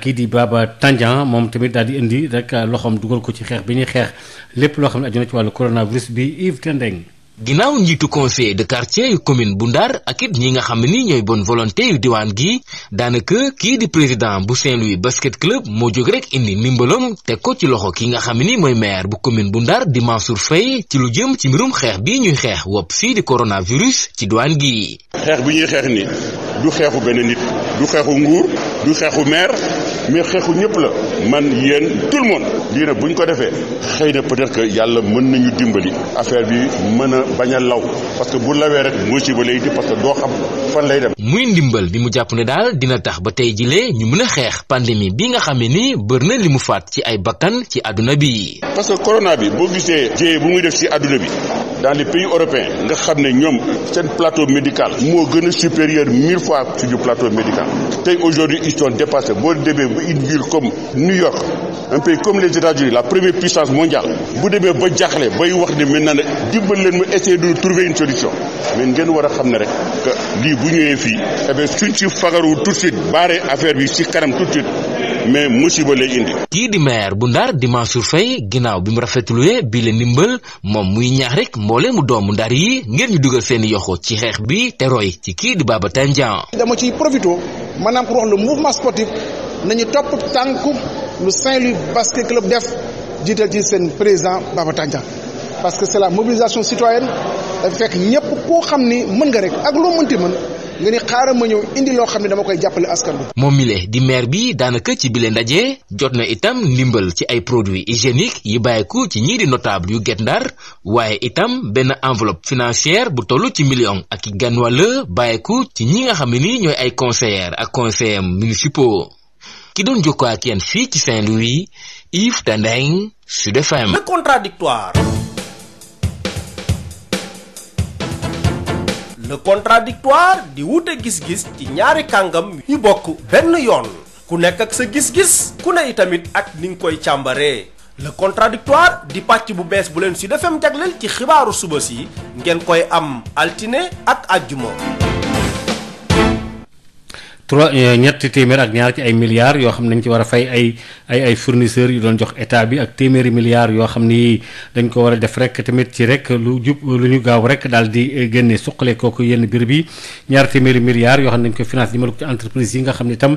kii di Baba Tandian moom tamit daal di indi rek ah, loxoom dugal ko ci xeex bi ñuy xeex lépp loo xam ne aju na ci wàllu coronavirus bi Yves Tendeng ginnaaw njiitu conseil de quartier yu commune bu Ndar ak it ñi nga xam ne ni ñooy bonne volonté yu diwaan gi daanaka kii di président bu Saint-Louis basket club moo jóg rek indi ndimbalam teg ko ci loxo ki nga xam ni mooy maire bu commune bu Ndar di Mansour Faye ci lu jëm ci mbirum xeex bi ñuy xeex wopp fii di coronavirus ci diwaan gi. xeex bi ñuy xeex ni du xeexu mais xeexu ñëpp la man yéen tout le bu ñu ko defee xëy na peut-être que yàlla mën nañu dimbali affaire bi mën a bañ a law parce que bu lawee rek musiba lay di parce que doo xam fan lay dem. muy ndimbal bi mu jàpp ne daal dina tax ba tey jilee ñu mën a xeex pandémie bi nga xam ne ni bër na li mu faat ci ay bakkan ci àdduna bi. parce que corona bi boo gisee. jéey bu muy def ci àdduna bi. dans les pays européens nga xam ne ñoom seen plateau médical moo gën a supérieur mille fois suñu plateau médical tey aujourd'hui ils sont dépassés boo demee ba une ville comme New York un pays comme les États-Unis la première puissance mondiale bu demee ba jaaxle bay wax ne maintenant ne dimbal leen ma essayer de trouver une solution mais ngeen war a xam ne rek que lii bu ñëwee fii eh suñ ci fagaru tout de suite baare affaire bi ci kanam tout suite mais musiba lay indi. kii di maire bu Ndar di Mansour Faye ginnaaw bi mu rafetluwee bi la ndimbal moom muy ñaax rek mu doomu Ndar yi ngeen ñu dugal seen yoxo ci xeex bi te roy ci kii di Baba Tandian. dama ciy profité maanaam pour wax le mouvement sportif nañu topp tànk lu Saint-Louis basket club def jiital ci seen président Baba Tandian. parce que c'est la mobilisation citoyenne dafa fekk ñëpp koo xam ni mën nga rek ak loo mënti mën nga ni xaaral ma ñëw indi loo xam ne dama koy jàppale askan bi moom mile di maire bi daanaka ci bile ndaje jot na itam ndimbal ci ay produits hygiéniques yi bàyyeeku ci ñii di notable yu Guet Ndar waaye itam benn enveloppe financière bu toll ci million ak i gan wàll ci ñi nga xam ne ni ñooy ay conseillers ak conseillers municipaux ki doon jokkoo ak fii ci Saint-Louis dina contradictoire di wute gis-gis ci ñaari kàngam yu bokk benn yoon ku nekk ak sa gis-gis ku ne itamit ak ni koy càmbaree le contradictoire di pàcc bu bees bu leen Sud FM jagleel ci xibaaru suba si ngeen koy am altine ak àjjuma trois euh, ñetti téeméer ak ñaar ci ay milliards yoo xam ne dañ ci war a fay ay ay ay yu doon jox état bi ak téeméeri milliards yoo xam ni dañ ko war a def rek tamit ci rek lu jub lu ñu gaaw rek daal di euh, génne suqale kooku yenn biir bi ñaar téeméeri milliards yoo xam ne dañ ko finance jëmale ko ci entreprise yi nga xam ne itam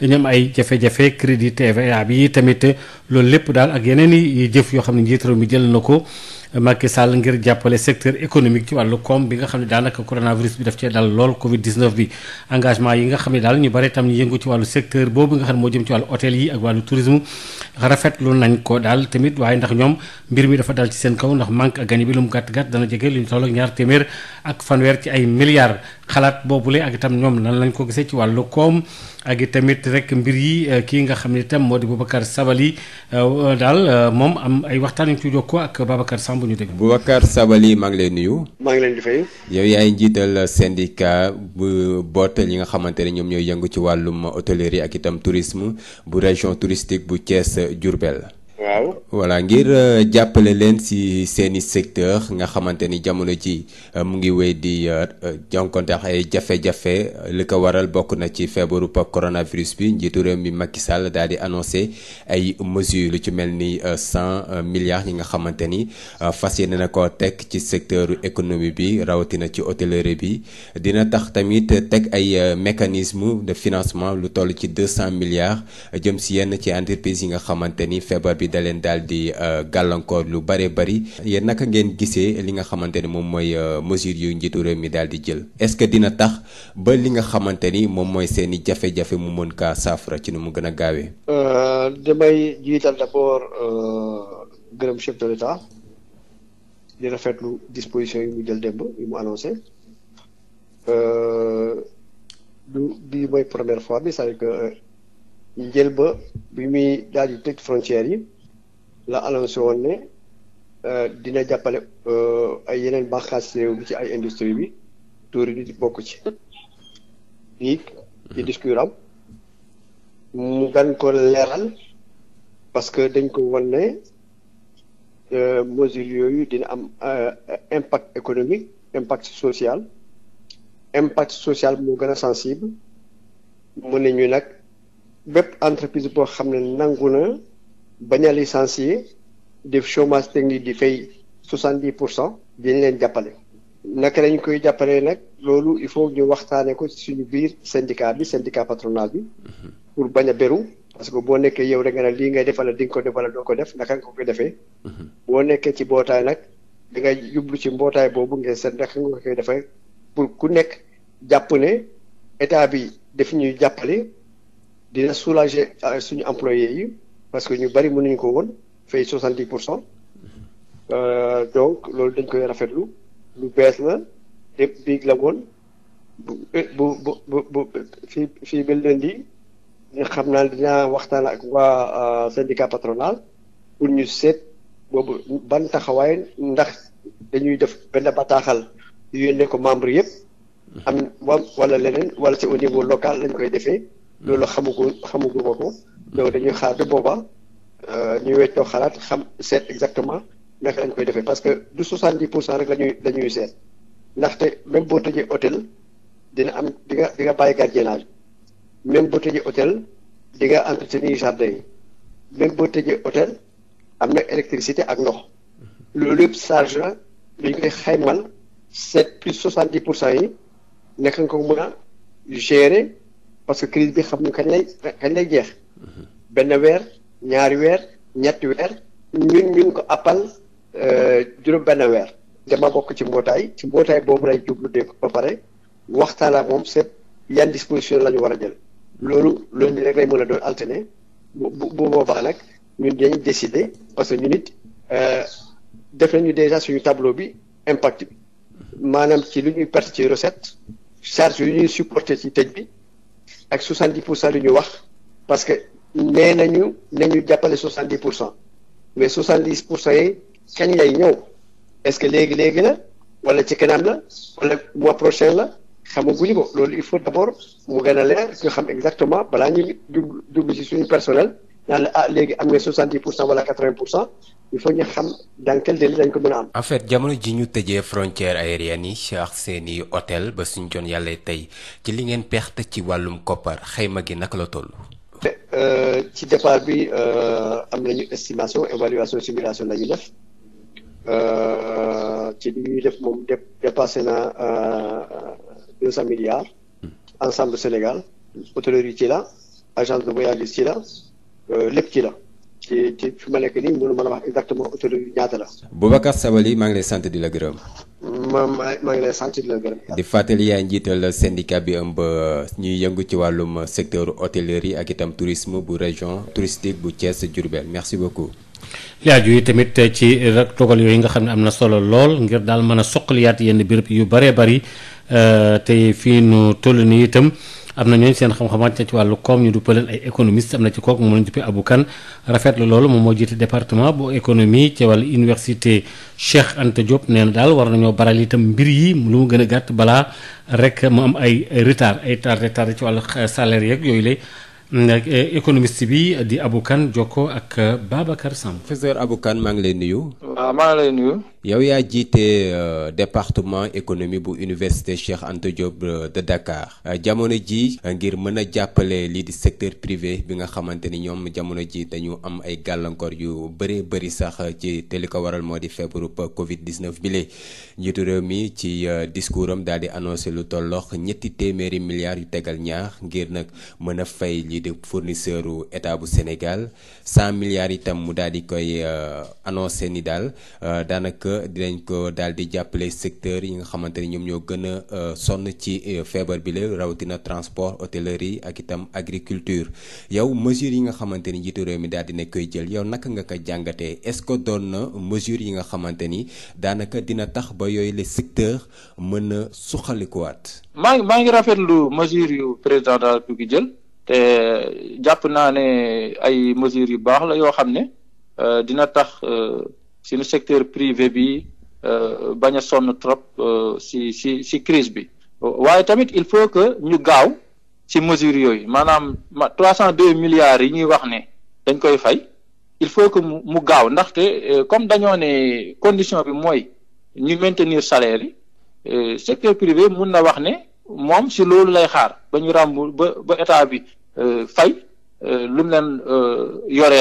dañu am ay jafe-jafe crédit TVA bi tamit loolu lépp daal ak yeneen i jëf yoo xam ne njiit réew mi jël na ko Macky Sall ngir jàppale secteur économique ci wàllu koom bi nga xam ne daanaka coronavirus bi daf cee dal lool Covid 19 bi engagement yi nga xam ne daal ñu bare tam ñu yëngu ci wàllu secteur boobu nga xam ne moo jëm ci wàllu tamit waaye ndax ñoom mbir mi dafa dal ci seen kaw ndax manque ak gani bi lu mu gàtt gàtt dana jege lu ñu toll ak ñaar téeméer ak fanweer ci ay milliards xalaat ko gisee ci wàllu koom ak tamit rek mbir yi eh, kii nga xam ne itam moo di Boubacar Sabali eh, daal eh, moom am ay waxtaan yu ñu ci jokkoo ak Babacar Samb bu ñu déglu. Boubacar Sabali maa ngi lay nuyu. maa ngi leen di fay. yow yaay njiital syndicat bu boot li nga xamante ne ñoom ñooy yëngu ci wàllum hôtellerie ak itam tourisme bu région touristique bu Thiès Diourbel. waaw voilà ngir euh, jàppale leen si seeni secteur nga xamante ni jamono ji euh, mu ngi wéy di euh, jonkonte ay jafe-jafe li ko waral bokk na ci feebaru coronavirus bi njiitu réew mi Macky Sall daal di annoncé ay mesures lu ci mel ni cent milliards yi nga xamante ni fas yéene na ko teg ci secteur économie bi rawatina ci hôtellerie bi dina tax tamit teg ay mécanisme de financement lu toll ci deux cent milliards jëm si yenn ci entreprise yi nga xamante feebar bi da leen daal di euh, gàllankoor lu bare bari yéen naka ngeen gisee li nga xamante ni moom mooy euh, mesure yu njiitu réew mi daal di jël est-ce que dina tax ba li nga xamante ni moom mooy seeni jafe-jafe mu mën kaa saafara ci nu mu gën a gaawee. Euh, damay jiital d'abord gërëm chef de l'État di rafetlu disposition yi mu jël démb yi mu annoncé. du bii mooy première fois bi cest à que njël ba bi muy daal di tëj frontières yi la annoncé woon ne euh, dina jàppale euh, ay yeneen banqaas réew bi ci ay industrie bi tourisme bi di bokk ci lii ci mhm. discours am mu gan ko leeral parce que dañ ko wan ne euh, mesures yooyu dina am impact économique impact social impact social moo gën a sensible mu ne ñu nag bépp entreprise boo xam ne nangu na bañ a licencier def chômage technique di fay soixante dix pour cent dinañ leen jàppale. naka lañ koy jàppalee nag loolu il faut ñu waxtaanee ko suñu biir syndicat bi syndicat patronal bi. Mhm. pour bañ a beru. parce que boo nekkee yow rek na lii ngay defal di nga ko defal doo ko def naka nga ko koy defee. Mhm. boo nekkee ci mbootaay nag di nga jublu ci mbootaay boobu ngeen seet naka nga koy defee pour ku nekk jàpp ne état bi daf ñuy jàppale dina soulager euh, suñu employer yi. parce que ñu bari mënuñu ko woon fay 70 pour cent mm-hmm. euh, donc loolu dañ koy rafetlu lu bees la lépp biig la woon bu eh, bu bu bu fii fii ba lundi ñu xam naa dinaa waxtaan ak waa euh, syndicat patronal pour ñu seet boobu ban taxawaay ndax dañuy def benn bataaxal yónnee ko membre yëpp. Mm-hmm. am wala leneen wala ci au niveau local lañ koy defee. Mm-hmm. loolu xamu ko xamu ko ko. donc dañuy xaar bi booba euh, ñuy weccoo xalaat xam seet exactement naka lañ koy defee parce que du 70 pour cent rek la ñuy la ñuy seet ndaxte même boo tëjee hôtel dina am di nga di même boo tëjee hôtel di nga entretenir jardin yi même boo tëjee hôtel am na électricité ak ndox loolu yëpp charge la dañ koy xaymal seet plus 70 pour cent yi nekk nga ko mën a gérer parce que crise bi xam ñu kañ lay kañ lay jeex. benn weer ñaari weer ñetti weer ñun ñu ko appal euh, juróom benn weer dama bokk ci mbootaay ci mbootaay boobu rek jublu dégg ko ba pare waxtaan ak moom seet yan disposition la ñu war a jël loolu loolu rek lay mën a doon alterner bu bu parce que ñun it euh, def nañu déjà suñu bi impact maanaam ci lu ñuy perte ci recette charge yu ñuy supporter ci tëj bi ak soixante-dix pour cent lu ñu wax parce nee nañu nañu jàppale soixante dix pour cent mais soixante pour cent yi kañ lay ñëw est-ce que léegi léegi la wala ci kanam la walla mois prochain la xamaguñu ko loolu il faut d'abord mu gën a leer ñu xam exactement balaa ñu jublu suñu personnel la ah léegi am nga soixante dix pour cent wala quatre pour cent il faut ñu xam dans quel délai dañ ko mën a am. en jamono ji ñu tëjee frontière aérienne yi ak seeni hôtel ba suñ joon yàlla tey ci li ngeen perte ci wàllum koppar xayma gi naka la toll. Euh, ci départ bi euh, am nañu estimation évaluation simulation la ñu def euh, ci li ñuy def moom dépassé na deux cent milliards. ensemble Sénégal hôtellerie ci la agence de voyage ci la lépp ci la. bu ci fi ma Sabali maa ngi lay sant di la gërëm. ma di fàttali yaay njiital syndicat bi ba ñuy yëngu ci wàllum secteur hôtellerie ak itam tourisme bu région touristique bu Thiès Diourbel merci beaucoup. li yi tamit ci rek dogal yooyu nga xam ne am na solo lool ngir daal mën a soqaliyaat yenn béréb yu baree bari euh, te fii nu toll nii itam. am na ñooñu seen xam-xam wàcc na ci wàllu koom ñu duppee leen ay économistes am na ci kooku moom lañ duppee Abou rafet la loolu moom moo jiite département bu économie ci wàllu université Cheikh Anta Diop nee daal war nañoo baral itam mbir yi lu mu gën a gàtt balaa rek mu am ay retard ay tardé tardé ci wàllu salaire yeeg yooyu lay. Eh, économiste bi di Abou Kane jokkoo ak Babacar Samb. professeur Abou maa ngi leen nuyu. waaw ah, yow yaa jiite euh, département économie bu université Cheikh Anta Diop euh, de Dakar euh, jamono ji ngir mën a jàppale lii di secteur privé bi nga xamante ni ñoom jamono ji dañu am ay gàllankoor yu bëree bëri sax ci te li ko waral moo di feebaru Covid 19 bi lee njiitu réew mi ci discours am daal di annoncé lu tollox ñetti téeméeri milliards yu tegal ñaax ngir nag mën a fay lii di fournisseur u état bu Sénégal cent milliards itam mu daal di koy annoncé ni daal daanaka. que dinañ ko daal di jàppale secteur yi nga xamante ni ñoom ñoo gën a euh, sonn ci euh, feebar bi la rawatina transport hôtellerie ak itam agriculture yow mesures yi nga xamante ni njiitu réew mi daal di ne koy jël yow naka nga ko jàngatee est-ce que doon na mesures yi nga xamante ni daanaka dina tax ba yooyu le secteur mën na suqalikuwaat. maa ngi maa ngi lu mesures yu président de la République jël. te jàpp naa ne ay mesures yu baax la yoo xam ne euh, dina tax. suñu secteur privé bi euh, bañ a sonn trop euh, si si si crise bi waaye tamit il faut que ñu gaaw ci mesure yooyu maanaam ma trois cent deux milliards yi ñuy wax ne dañ koy fay il faut que mu mu gaaw ndaxte euh, comme dañoo ne condition bi mooy ñu maintenir salaire yi secteur privé mun na wax ne moom si loolu lay xaar ba ñu ràmb ba ba état bi fay lu mu leen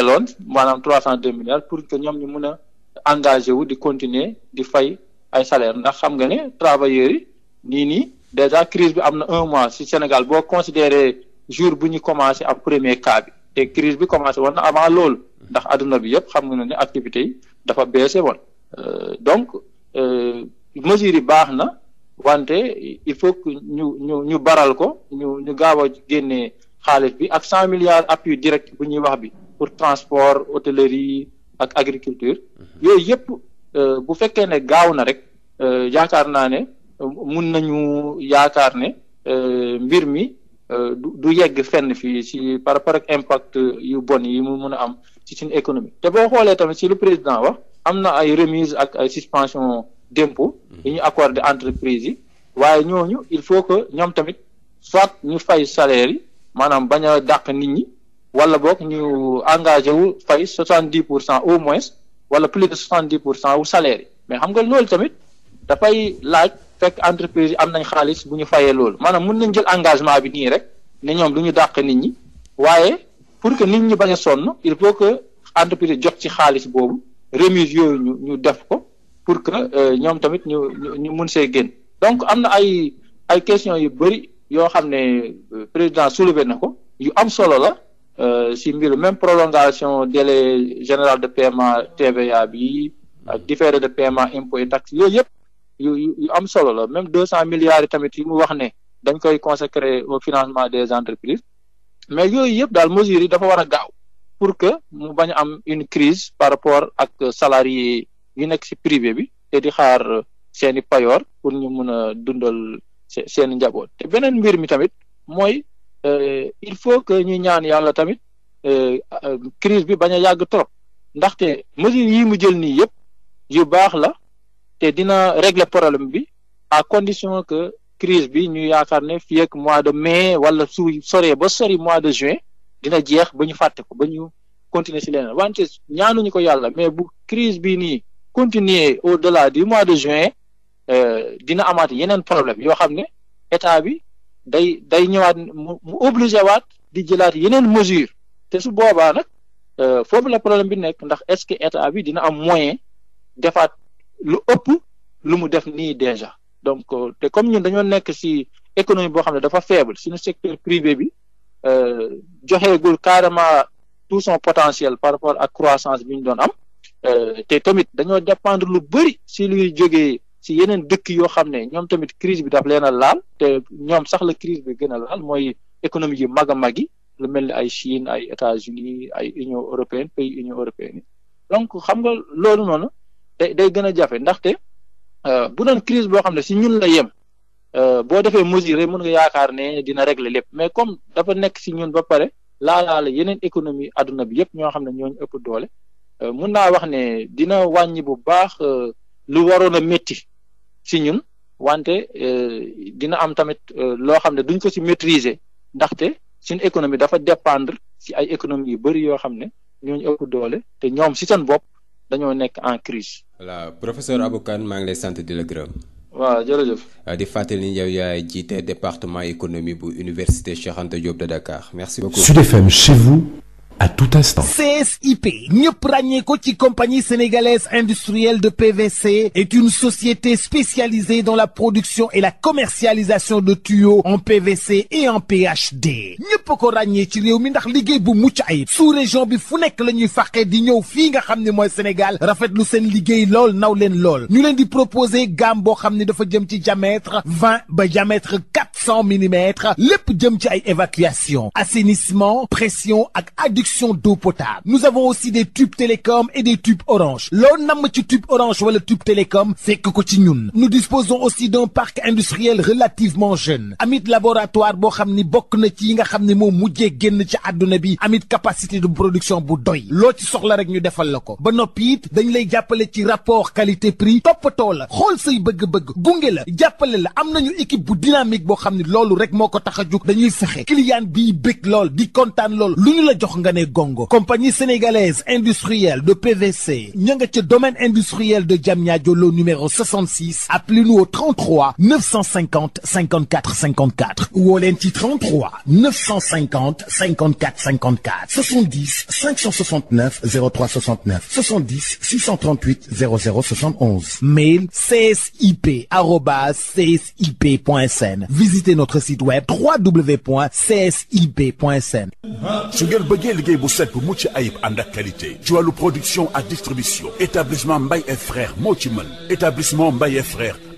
loon maanaam trois cent deux milliards pour que ñoom ñu mun a engagé wu di continuer di fay ay salaire ndax xam nga ne travailleurs yi nii nii déjà crise bi am na un mois ci Sénégal boo considéré jour bu ñu commencé ab premier cas bi te crise bi commencé woon na avant loolu ndax adduna bi yëpp xam nga ne activité yi dafa baissé woon euh, donc euh, mesures yi baax na wante il faut que ñu ñu ñu baral ko ñu ñu gaaw a génne xaalis bi ak cent milliards appui direct bu ñuy wax bi pour transport hôtellerie ak agriculture yooyu yëpp euh, bu fekkee ne gaaw na rek euh, yaakaar naa ne mun nañu yaakaar ne euh, mbir mi du yegg fenn fii ci par rapport ak impact yu bon yi mu mën a am ci suñu économie te boo xoolee tamit si lu président wax am na ay remise ak ay suspension d'impôt mmh. yi ñu accordé entreprise yi waaye ñooñu il faut que ñoom tamit soit ñu fay salaire yi maanaam bañ dàq nit ñi wala boog ñu engagé wu fay soixante dix pour cent au moins wala plus de soixante dix pour cent wu salaire yi mais xam nga loolu tamit dafay laaj fekk entreprise yi am nañ xaalis bu ñu fayee loolu maanaam mun nañ jël engagement bi nii rek ne ñoom du ñu dàq nit ñi waaye pour que nit ñi bañ a sonn il faut que entreprise jot ci xaalis boobu remise yooyu ñu ñu def ko pour que euh, ñoom tamit ñu ñu mun see génn donc am na ay ay questions yu bëri yoo xam ne euh, président soulevé na ko yu am solo la. Euh, si mbir même prolongation délai général de paiement TVA bi ak différé de paiement impôt et taxe yooyu yëpp yu yu am solo la même deux cent milliards tamit yi mu wax ne dañ koy consacrer au financement des entreprises mais yooyu yëpp daal mesures yi dafa war a gaaw pour que mu bañ a am une crise par rapport ak salarié yu nekk ci privé bi te di xaar seeni payoor pour ñu mën a dundal seen njaboot te beneen mbir mi tamit mooy Euh, il faut que ñu ñaan yàlla tamit euh, euh, crise bi bañ a yàgg trop ndaxte mesures yi mu jël nii yëpp yu baax la te dina régler problème bi à condition que crise bi ñu yaakaar ne fii mois de mai wala su soree ba sori mois de juin dina jeex ba ñu fàtte ko ba ñu continuer si leneen wante ñaanuñu ko yàlla mais bu crise bi nii continuer au delà du mois de juin dina amaat yeneen problème yoo xam ne bi day day ñëwaat mu mu waat di jëlaat yeneen mesure te su boobaa nag euh, foofu la problème bi nekk ndax est-ce que état bi dina am moyen defaat lu ëpp lu mu def nii déjà donc euh, te comme ñun dañoo nekk ci économie boo xam ne dafa faible suñu secteur privé bi euh, joxeegul carrément tout son potentiel par rapport ak croissance bi ñu doon am te tamit dañoo dépendre lu bëri si luy jógee ci yeneen dëkk yoo xam ne ñoom tamit crise bi daf leen a laal te ñoom sax la crise bi gën a laal mooy économie yu mag a mag yi lu mel ni ay Chine ay États-Unis ay Union européenne pays Union européenne donc xam nga loolu noonu day day gën a jafe ndaxte euh, bu doon crise boo xam ne si ñun la yem euh, boo defee mesure mën nga yaakaar ne dina régler lépp mais comme dafa nekk si ñun ba pare laalaala yeneen économie àdduna bi yëpp ñoo xam ne ñooñu ëpp doole euh, mun naa wax ne dina wàññi bu baax lu waroon a métti ci ñun wante euh, dina am tamit euh, loo xam ne duñ ko ci maîtriser ndaxte suñ économie dafa dépendre ci ay économie yu bëri yoo xam ne ñooñu ëpp doole te ñoom ci seen bopp dañoo nekk en crise voilà professeur Abou Kane maa ngi lay sant di la gërëm. waaw jërëjëf. Euh, di fàttali ni yow yaay jiite département économie bu université Cheikh Anta de Dakar merci beaucoup. Sud FM chez vous. à tout instant. CSIP ñëpp ràññee ko ci compagnie sénégalaise industrielle de PVC est une société spécialisée dans la production et la commercialisation de tuyaux en PVC et en PHD ñëpp ko ràññee ci réew mi ndax liggéey bu mucc ayib sous-région bi fu nekk la ñuy fàqee di ñëw fii nga xam ne mooy Sénégal rafetlu seen liggéey lool naw leen lool ñu leen di proposé gamme boo xam ne dafa jëm ci diamètre vingt ba diamètre cent millimètres lépp jëm ci ay évacuation assainissement pression ak adduction d'eau potable nous avons aussi des tubes télécom et des tubes orange loo namm ci tube orange wala tube télécom fekk ko ci ñun nous disposons aussi d'un parc industriel relativement jeune amit laboratoire boo xam ni bokk na ci yi nga xam ne moo mujjee génn ci àdduna bi amit capacité de production bu doy loo ci soxla rek ñu defal la ko ba noppi it dañ lay jàppale ci rapport qualité prix toppatoo la xool say bëgg-bëgg gunge la jàppale la am nañu équipe xam ne loolu rek moo ko tax a jug dañuy fexe client bi bëgg lool di kontaan lool lu la jox nga ne gongo compagnie sénégalaise industrielle de PVC ña nga ca domaine industriel de Diamniadio lo numéro 66 appelez-nous au 33 950 54 54 woo leen ci 33 950 54 54 70 569 03 69 70 638 00 71 mail csip arobase csip point sn visite visiter notre site web www.csib.sn su ngeen bëggee liggéey bu set bu mucc ayib ànd ak qualité ci wàllu production ak distribution établissement Mbaye et frères moo ci mën établissement Mbaye et frères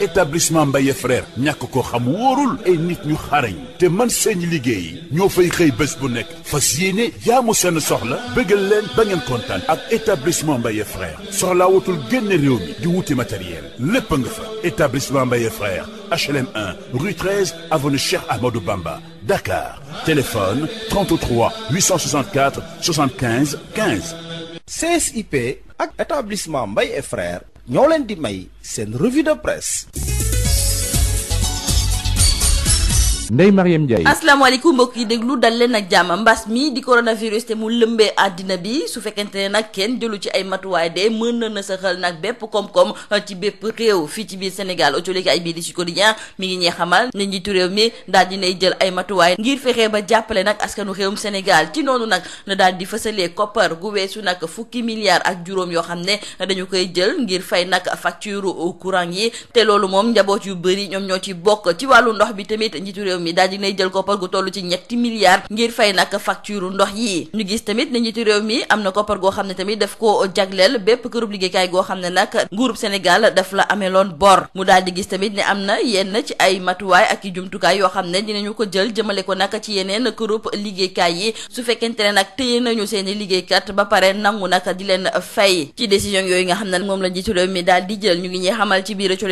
établissement Mbaye frère ñàkk koo xam wóorul ay nit ñu xarañ te man seen liggéey ñoo fay xëy bés bu nekk fas yéene jaamu seen soxla bëggal leen ba ngeen kontaan ak établissement Mbaye frère soxla wutul génn réew mi di wuti matériel lépp nga fa établissement Mbaye frère HLM 1 rue 13 avenue Cheikh Ahmadou Bamba Dakar téléphone 33 864 75 15. CSIP ak établissement mbay et frères ñoo leen di may seen revue de presse Ndeye Mariam Ndiaye asalaamaaleykum mbokk yi déglu dal leen ak jàmm mbas mi di coronavirus te mu lëmbee àddina bi su fekkente ne nag kenn jëlu ci ay matuwaay de mën na na saxal nag bépp koom-koom ci bépp réew fii ci biir Sénégal autoliki ay bii di ci quotidien mi ngi ñee xamal ne njiitu réew mi daal dinay jël ay matuwaay ngir fexee ba jàppale nag askanu réewum Sénégal ci noonu nag la daal di fësalee koppar gu weesu nag fukki milliards ak juróom yoo xam ne dañu koy jël ngir fay nag facture courant yi te loolu moom njaboot yu bëri ñoom ñoo ci bokk ci wàllu ndox bi tamit njiitu réew mi daal di nay jël koppar gu toll ci ñetti milliards ngir fay nag facture ndox yi ñu gis tamit ne njiitu réew mi am na koppar goo xam ne tamit daf ko jagleel bépp kërub liggéeykaay goo xam ne nag nguurub Sénégal daf la ameloon bor mu daal di gis tamit ne am na yenn ci ay matuwaay ak i jumtukaay yoo xam ne dinañu ko jël jëmale ko nag ci yeneen kërub liggéeykaay yi su fekkente ne nag téye nañu seeni liggéeykat ba pare nangu nag di leen fay ci décision yooyu nga xam ne moom la njiitu réew mi daal di jël ñu ngi ñuy xamal ci biir xam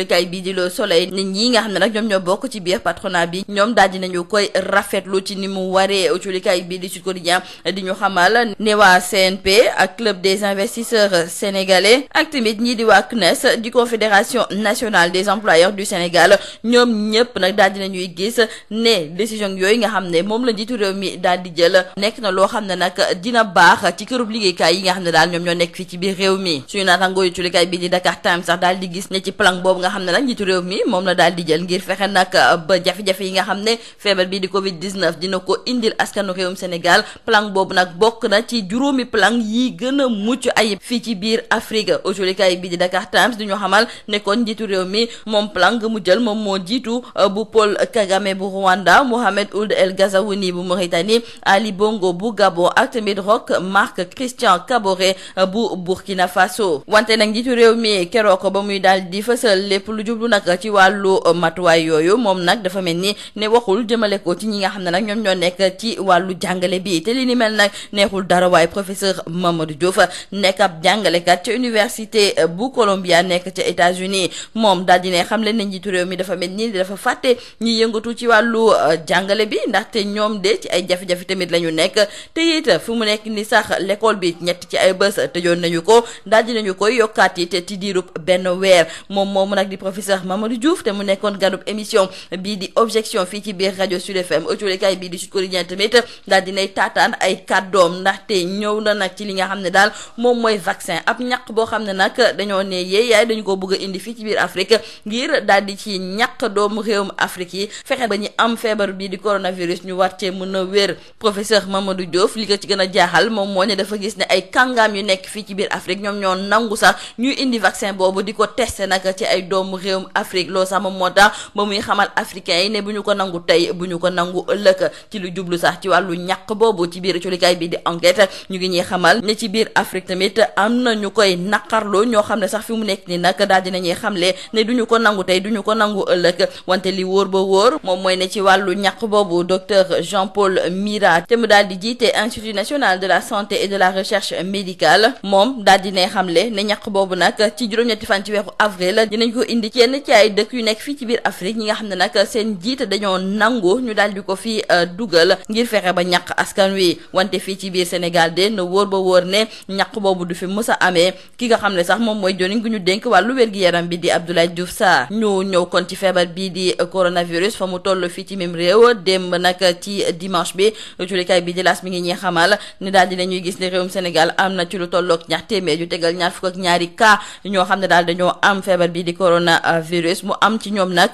ne nag ñoom ñoo bokk ci biir patronat bi ñoom daal dinañu koy rafetlu ci ni mu waree culikaay bi di Sud Quotidien di ñu xamal ne waa CNP ak club des investisseurs sénégalais ak tamit ñii di waa CNES di confédération nationale des employeurs du Sénégal ñoom ñëpp nag daal dinañuy gis ne décision yooyu nga xam ne moom la njiitu réew mi daal di jël nekk na loo xam ne nag dina baax ci kërub liggéeykaay yi nga xam ne daal ñoom ñoo nekk fii ci biir réew mi suñu naataangoo yu culikaay bi di Dakar Times sax daal di gis ne ci plan boobu nga xam ne nag njiitu réew mi moom la daal di jël ngir fexe nag ba jafe-jafe yi nga xam ne feebar bi di Covid 19 dina ko indil askanu réewum Sénégal plan boobu nag bokk na ci juróomi plan yi gën a mucc ayib fii ci biir afriga aujourd'hui kay bii di Dakar Times du ñu xamal nekkoon njiitu réew mi moom plan nga mu jël moom moo jiitu euh, bu Paul Kagame bu Rwanda Mohamed Ould El Ghazouani bu Mauritanie Ali Bongo bu Gabon ak tamit Roch Marc Christian Kaboré euh, bu Burkina Faso wante nag njiitu réew mi keroo ko ba muy daal di fësal lépp lu jublu nag ci wàllu euh, matuwaay yooyu waxul jëmale ko ci ñi nga xam ne nag ñoom ñoo nekk ci wàllu jàngale bi te li ni mel nag neexul dara waaye professeur Mamadou Diouf nekk ab jàngalekat ca université bu Columbia nekk ca États-Unis moom daal di ne xam leen ne njiitu réew mi dafa mel nii dafa fàtte ñi yëngatu ci wàllu euh, jàngale bi ndaxte ñoom de ci ay jafe tamit la nekk te it fu mu nekk ni sax l'école bi ñett ci ay bés tëjoon nañu ko daal di koy yokkaat yi benn weer moom moomu nag di professeur Mamadou Diouf te mu nekkoon ganub émission bii di objection fii fii ci biir rajo Sud FM autolikaay bii di Sud Quotidien tamit daal dinay taataan ay kàddoom ndaxte ñëw na nag ci li nga xam ne daal moom mooy vaccin ab ñàq boo xam ne nag dañoo ne yee yaay dañu ko bëgg ci biir Afrique ngir daal di doomu réewum Afrique yi fexe ba ñu am feebar bii di coronavirus ñu war cee mën a wér professeur Mamadou Diouf li ko ci gën a jaaxal moom moo ne dafa gis ne ay kàngaam yu nekk fii ci biir Afrique ñoom ñoo nangu sax ñuy indi vaccin boobu di ko testé nag ci ay doomu réewum Afrique loolu sax moom moo tax ba muy xamal africain yi ne bu ñu ko nangu nangu tey bu ñu ko nangu ëllëg ci lu jublu sax ci wàllu ñàkk boobu ci biir culikaay ci biir Afrique sax mu nekk ni nag daal dina ñuy xamle ko nangu tey ko nangu ëllëg wante li wóor ba wóor moom mooy ne ci wàllu ñàkk boobu docteur Jean-Paul Mira te la santé la recherche médicale moom daal dinay xamle ne ñàkk boobu nag ci juróom-ñetti fan ci weeru biir Afrique ñi nga xam ne nag seen jiite dañoo doon nangu ñu daal ko fi euh, dugal ngir fexe ba ñàq askan wi wante fii ci biir Sénégal de na wóor ba wóor ne ñàq boobu du fi mës a amee ki nga xam ne sax moom mooy joriñ gu ñu dénk wàllu wér-gi-yaram bi di Abdoulaye Diouf Sarr ñu ñëw kon ci feebar bii di coronavirus fa mu toll fii ci même réew démb nag ci dimanche bi julikaay bi di laas mi ngi ñuy xamal ne daal dinañuy gis ne réewum Sénégal am na ci lu tolloog ñaar téeméer yu tegal ñaar fukk ak ñaari cas ñoo xam ne daal dañoo am feebar bii di coronavirus mu am ci ñoom nag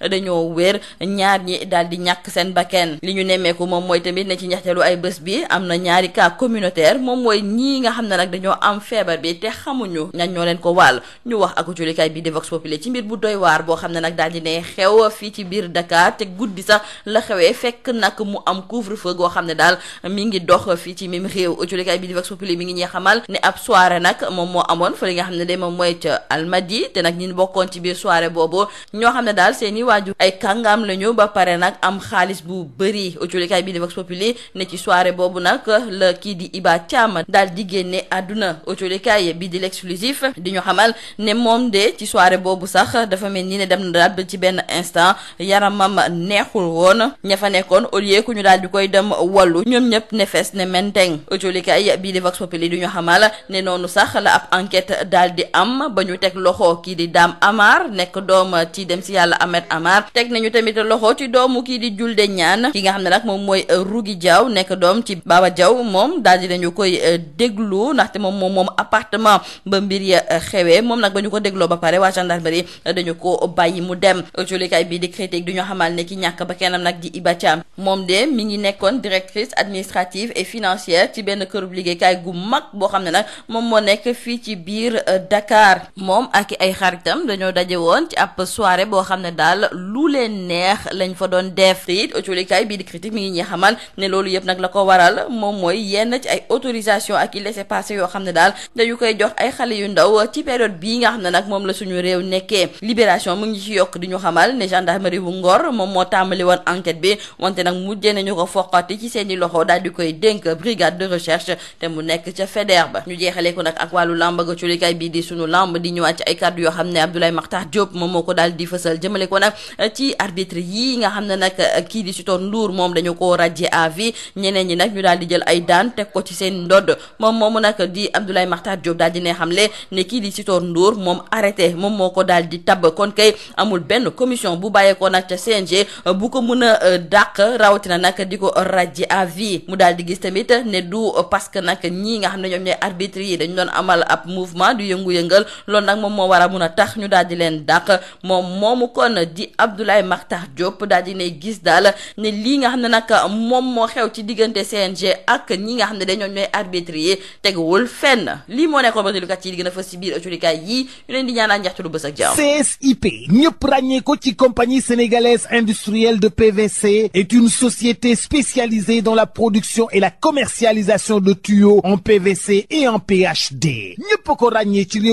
dañoo wér ñaar ñi daal di ñàkk seen bakkan li ñu nemmeeku moom mooy tamit ne ci njeexteelu ay bés bi am na ñaari cas communautaire moom mooy ñii nga xam ne nag dañoo am feebar bi te xamuñu ñan ñoo leen ko wàll ñu wax ak julikaay bi di Vox ci mbir bu doy boo xam ne nag daal di ne xew fii ci biir Dakar te guddi sax la xewee fekk nag mu am couvre goo xam ne daal mi ngi dox fii ci même julikaay bi di Vox Populi mi ngi ñuy xamal ne ab soirée nag moom moo amoon fa li nga xam ne de moom mooy ca Almadi te nag ñi bokkoon ci biir soirée boobu ñoo xam ne daal seeni seeni waajur ay kàngaam lañu ba pare nag am xaalis bu bëri autolikaay bi di Vox Populi ne ci soirée boobu nag la kii di Iba Thiam daal di génne àdduna autolikaay bii di l'exclusif di ñu xamal ne moom de ci boobu sax dafa mel ni ne dem daal ba ci benn instant yaramam neexul woon ña fa nekkoon au ku ñu daal di koy dem wallu ñoom ñëpp ne fees ne menteng autolikaay bii di Vox Populi du ñu xamal ne noonu sax la ab enquête daal di am ba ñu teg loxo kii di Dame Amar nekk doom ci dem si yàlla Ahmed Amar teg nañu tamit loxo ci doomu kii di Julde Ñaan ki nga xam ne nag moom mooy euh, Rugi Diaw nekk doom ci Baba jaw moom daal di nañu koy euh, déglu ndaxte moom moom moom appartement ba mbir ya euh, xewee moom nag ba ko dégloo ba pare waa gendarmerie dañu ko bàyyi mu dem jolikaay bii di critique du ñu xamal ne ki ñàkk ba kennam nag di Iba moom de mi ngi nekkoon directrice administrative et financière ci benn kërub liggéeykaay gu mag boo xam ne nag moom moo nekk fii ci biir dakaar moom ak ay xaritam dañoo daje woon ci ab soirée boo xam ne daal daal lu leen neex lañ fa doon def te it autolikaay di critique mi ngi ñuy xamal ne loolu yëpp nag la ko waral moom mooy yenn ci ay autorisation ak i laissez-passer yoo xam ne daal dañu koy jox ay xale yu ndaw ci période bii nga xam ne nag moom la suñu réew nekkee libération mu ngi yokk di xamal ne gendarmerie bu Ngor moom moo tàmbali woon enquête bi wante nag mujjee nañu ko foqati ci seeni loxo daal di koy dénk brigade de recherche te mu nekk ca Faidherbe ñu jeexalee ko nag ak wàllu làmb ga culikaay bii di suñu làmb di ñëwaat ci ay kàddu yoo xam ne Abdoulaye Makhtar Diop moom moo ko daal di fësal jëmale ko Euh, ci arbitre yii nga xam ne nag euh, kii di Sitor nduur moom dañu ko radier à ñeneen ñi nag ñu daal di jël ay daan teg ko ci seen ndodd moom moomu nag di Abdoulaye Makhtar Diop daal di xam xamle ne kii di Sitor nduur moom arrêté moom moo ko daal di tabb kon kay amul benn commission bu bàyyeekoo nag ca CNG euh, bu ko mën a rawatina nag di ko radier à vie mu daal di gis tamit ne du parce que nag ñii nga xam ne ñoom ñooy arbitre yi dañu doon amal ab mouvement du yëngu-yëngal loolu nag moom moo war a mun a tax ñu daal di leen dàq moom moomu kon di Abdoulaye Makhtar Diop daal di ne gis nga xam ne nag moom moo xew ci diggante CNG ak ñi nga xam ne dañoo ñooy arbitre yi teguwul fenn lii moo nekkoon ba déglukat yi di gën a fës ci biir autorité yi ñu leen di ñaanal njaxtu lu bës ak jàmm. CSIP ñëpp ràññee ko ci compagnie sénégalaise industrielle de PVC est une société spécialisée dans la production et la commercialisation de tuyaux en PVC et en PHD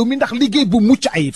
mi ndax liggéey bu mucc ayib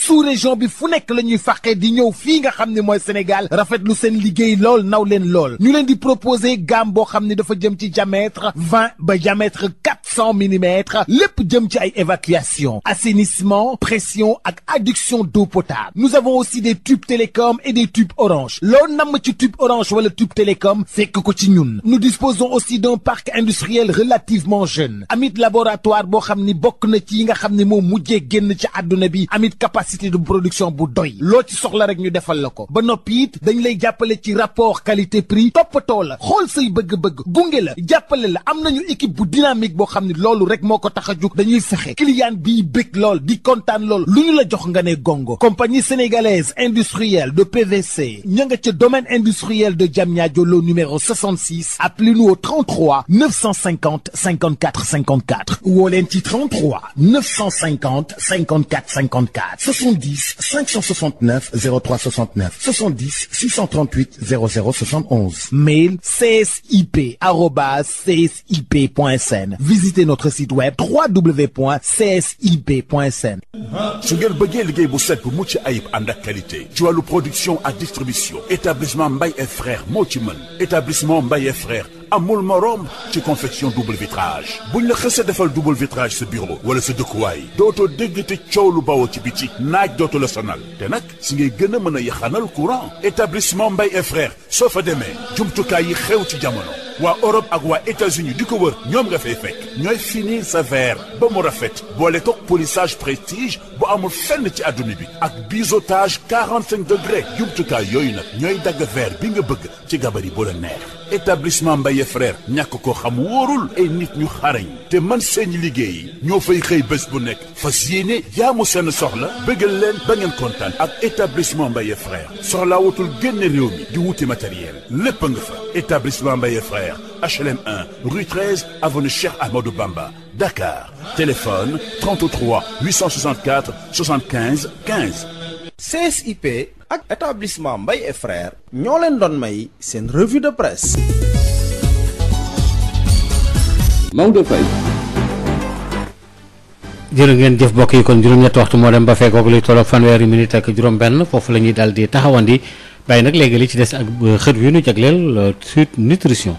nga xam xam Sénégal rafetlu seen liggéey lool naw leen lool ñu leen di proposer gamme bo xam ne dafa jëm ci diamètre vingt ba diamètre quatre cent millimètres lépp jëm ci ay évacuation assainissement pression ak adduction d'eau potable nous avons aussi des tubes télécom et des tubes orange loo namm ci tube orange wala tube télécom fekk ko ci ñun nous disposons aussi d'un parc industriel relativement jeune amit laboratoire boo xam ni bokk na ci yi nga xam ne moo mujjee génn ci àdduna bi amit capacité de production bu doy soxla rek ñu defal la ko ko ba noppi dañ lay jàppale ci rapport qualité prix toppatoo la xool say bëgg-bëgg gunge la jàppale la am nañu équipe bu dynamique boo xam ne loolu rek moo ko tax a jug dañuy fexe client bii bëgg lool di kontaan lool lu ñu la jox nga ne gongo compagnie sénégalaise industrielle de PVC ña nga ca domaine industriel de Diamniadio lo numéro 66 appelez-nous au 33 950 54 54 woo leen ci 33 950 54 54 70 569 03 69 70 638 00 71. Mail csip arroba csip.sn. Visitez notre site web www.csip.sn. su ngeen bëggee liggéey bu set bu mucc ayib ànd ak qualité ci wàllu production ak distribution établissement Mbaye et frères moo ci mën établissement Mbaye et frères amul morom ci confection double vitrage buñ la xësee defal double vitrage sa bureau wala sa dëkkuwaay dootoo dégg te coow lu bawoo ci biti naaj dootu la sonal te nag si ngay gën a mën a yaxanal courant établissement Mbaye et frères soo fa demee jumtukaay yi xew ci jamono waa Europe ak waa États-Unis di ko wër ñoom nga fay fekk ñooy finir sa verre ba mu rafet boole ko polisage prestige bu amul fenn ci adduna bi ak biseautage 45 degré jumtukaay yooyu nag ñooy dagg verre bi nga bëgg ci gabari bu la neex établissement bay frère ñàkk ko xam wóorul ay nit ñu xarañ te man seen liggéey ñoo fay xëy bés bu nekk fas yéene jaamu seen soxla bëggal leen ba ngeen kontaan ak établissement Mbaye frère soxlaa wutul génne réew mi di lépp nga fa établissement Mbaye Frères, HLM 1, rue 13, avenue Cheikh Amadou Bamba, Dakar. Téléphone 33 864 75 15. CSIP ak établissement Mbaye et ñoo leen doon may seen revue de presse. Maodo Faye. ngeen jëf bokk yi kon juróom-ñetti waxtu moo dem ba fekkoog li tolloog fanweeri minute ak juróom-benn foofu lañuy ñuy daal di taxawandi bàyyi nag léegi li ci des ak euh, xët wi ñu jagleel euh, suite nutrition.